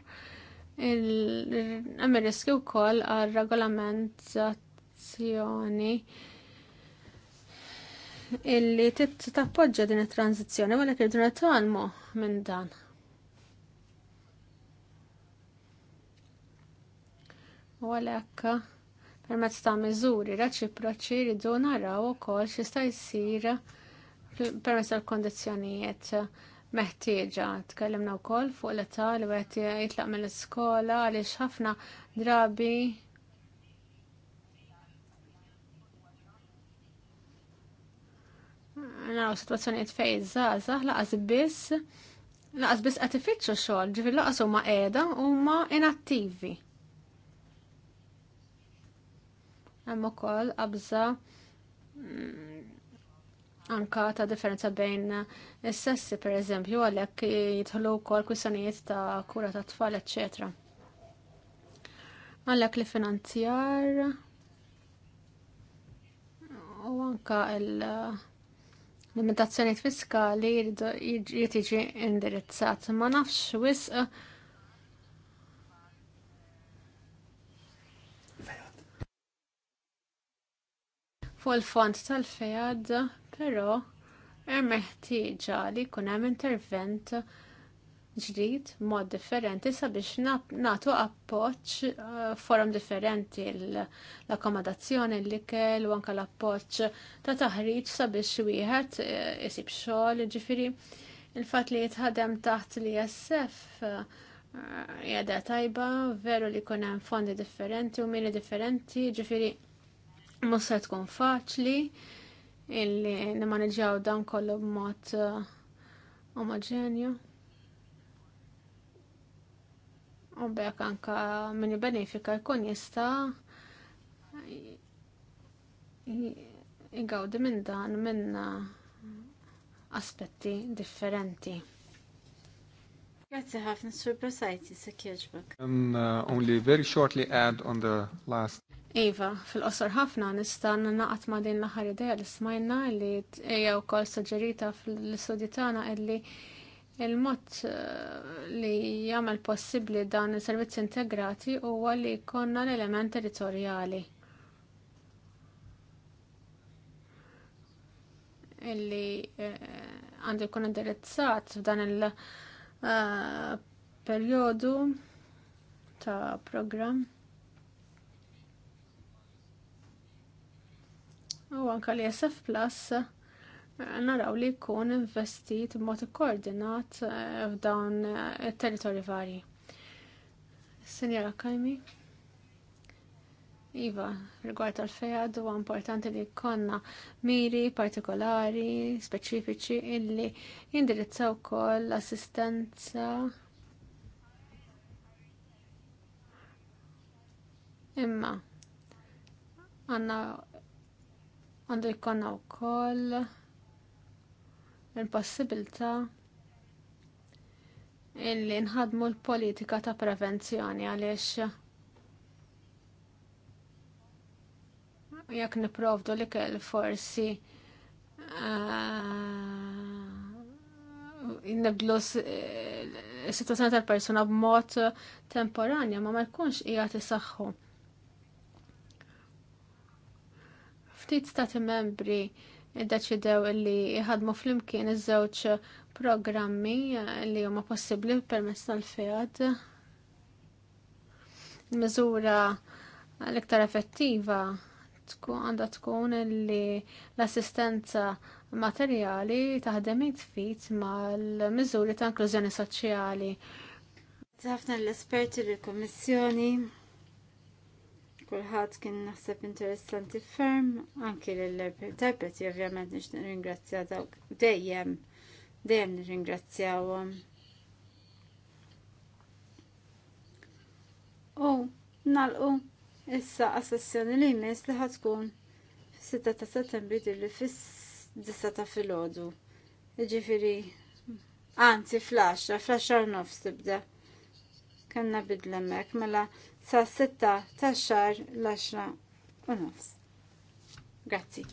Għamir riski u koll għal regolamentazzjoni illi tappoġġa din it-tranzizzjoni ma irridu nitalmu minn dan. U għalhekk permezz ta' miżuri reċiproċi rridu naraw ukoll x'ista' jsir permezz tal-kondizzjonijiet meħtieġa. Tkellimna wkoll fuq l-età li qed jitlaq mill-iskola għaliex ħafna drabi naraw situazzjonijiet fej żgħażagħ laqas biss laqas biss qed ifittxu xogħol, ġifier laqas huma qiegħda huma inattivi. Hemm ukoll qabża mm, anka ta' differenza bejn is-sessi pereżempju għalhekk jidħlu wkoll kwistjonijiet ta' kura ta' tfal, eċetera. Għalhekk li finanzjar u anka il- limitazzjoni fiskali jrid jiġi indirizzat. Ma nafx wisq fuq il-fond tal-fejad, però hemm meħtieġa li jkun hemm intervent ġdid mod differenti sabiex natu appoċ eh, forum differenti l-akkomodazzjoni l kell u anka l-appoċ ta' taħriġ sabiex wieħed eh, isib xogħol ġifiri il-fatt li jitħadem taħt li eh, jessef jada tajba veru li kun hemm fondi differenti u mini differenti ġifiri mhux se tkun faċli illi nimmaneġġjaw dan kollu b'mod omogenju. U bekk anka minn il benefika jkun jista jgawdi minn dan minn aspetti differenti. Grazie ħafna super sajti se kieġbek. And uh, only very shortly add on the last. Iva, fil-qosor ħafna nistan naqat ma din l-ħar ideja li smajna li hija kol suġġerita fl-istudji tagħna illi Il-mod eh, li jagħmel possibbli dawn is-servizzi integrati huwa li jkollna l-element territorjali. Illi eh, għandu jkun indirizzat f'dan il-perjodu eh, ta' programm. U anka li SF Plus naraw li jkun investit b'mod koordinat eh, f'dawn it-territorji eh, varji. Sinjora Kajmi? Iva, rigward tal-fejad huwa importanti li jkollna miri partikolari, speċifiċi illi jindirizzaw wkoll l-assistenza Imma, għanna għandu jkonna u koll il-possibilità illi nħadmu l-politika ta' prevenzjoni għaliex jekk niprovdu li kell forsi eh, nibdlu s-situazzjoni eh, tal-persuna b'mod temporanja ma ma jkunx hija tisaħħu. Ftit stati membri iddeċidew li jħadmu flimkien iż-żewġ programmi li huma possibbli permezz tal-FEAD. miżura l-iktar effettiva għandha tkun li l-assistenza materjali taħdem fit mal-miżuri ta' inklużjoni soċjali. Ħafna l-esperti l kommissjoni kulħadd kien naħseb interessanti ferm, anki l-interpreti ovvjament nix nirringrazzja dawk dejjem, dejjem nirringrazzjawhom. U nalqu issa għas-sessjoni li jmiss li tkun fis-6 ta' settembri dirli fis-9 ta' filgħodu. Jiġifieri anzi flaxxa, flaxxa nofs tibda. Kanna bidlemek mela sa' 6 ta' xar l-10 u nofs. Grazzi.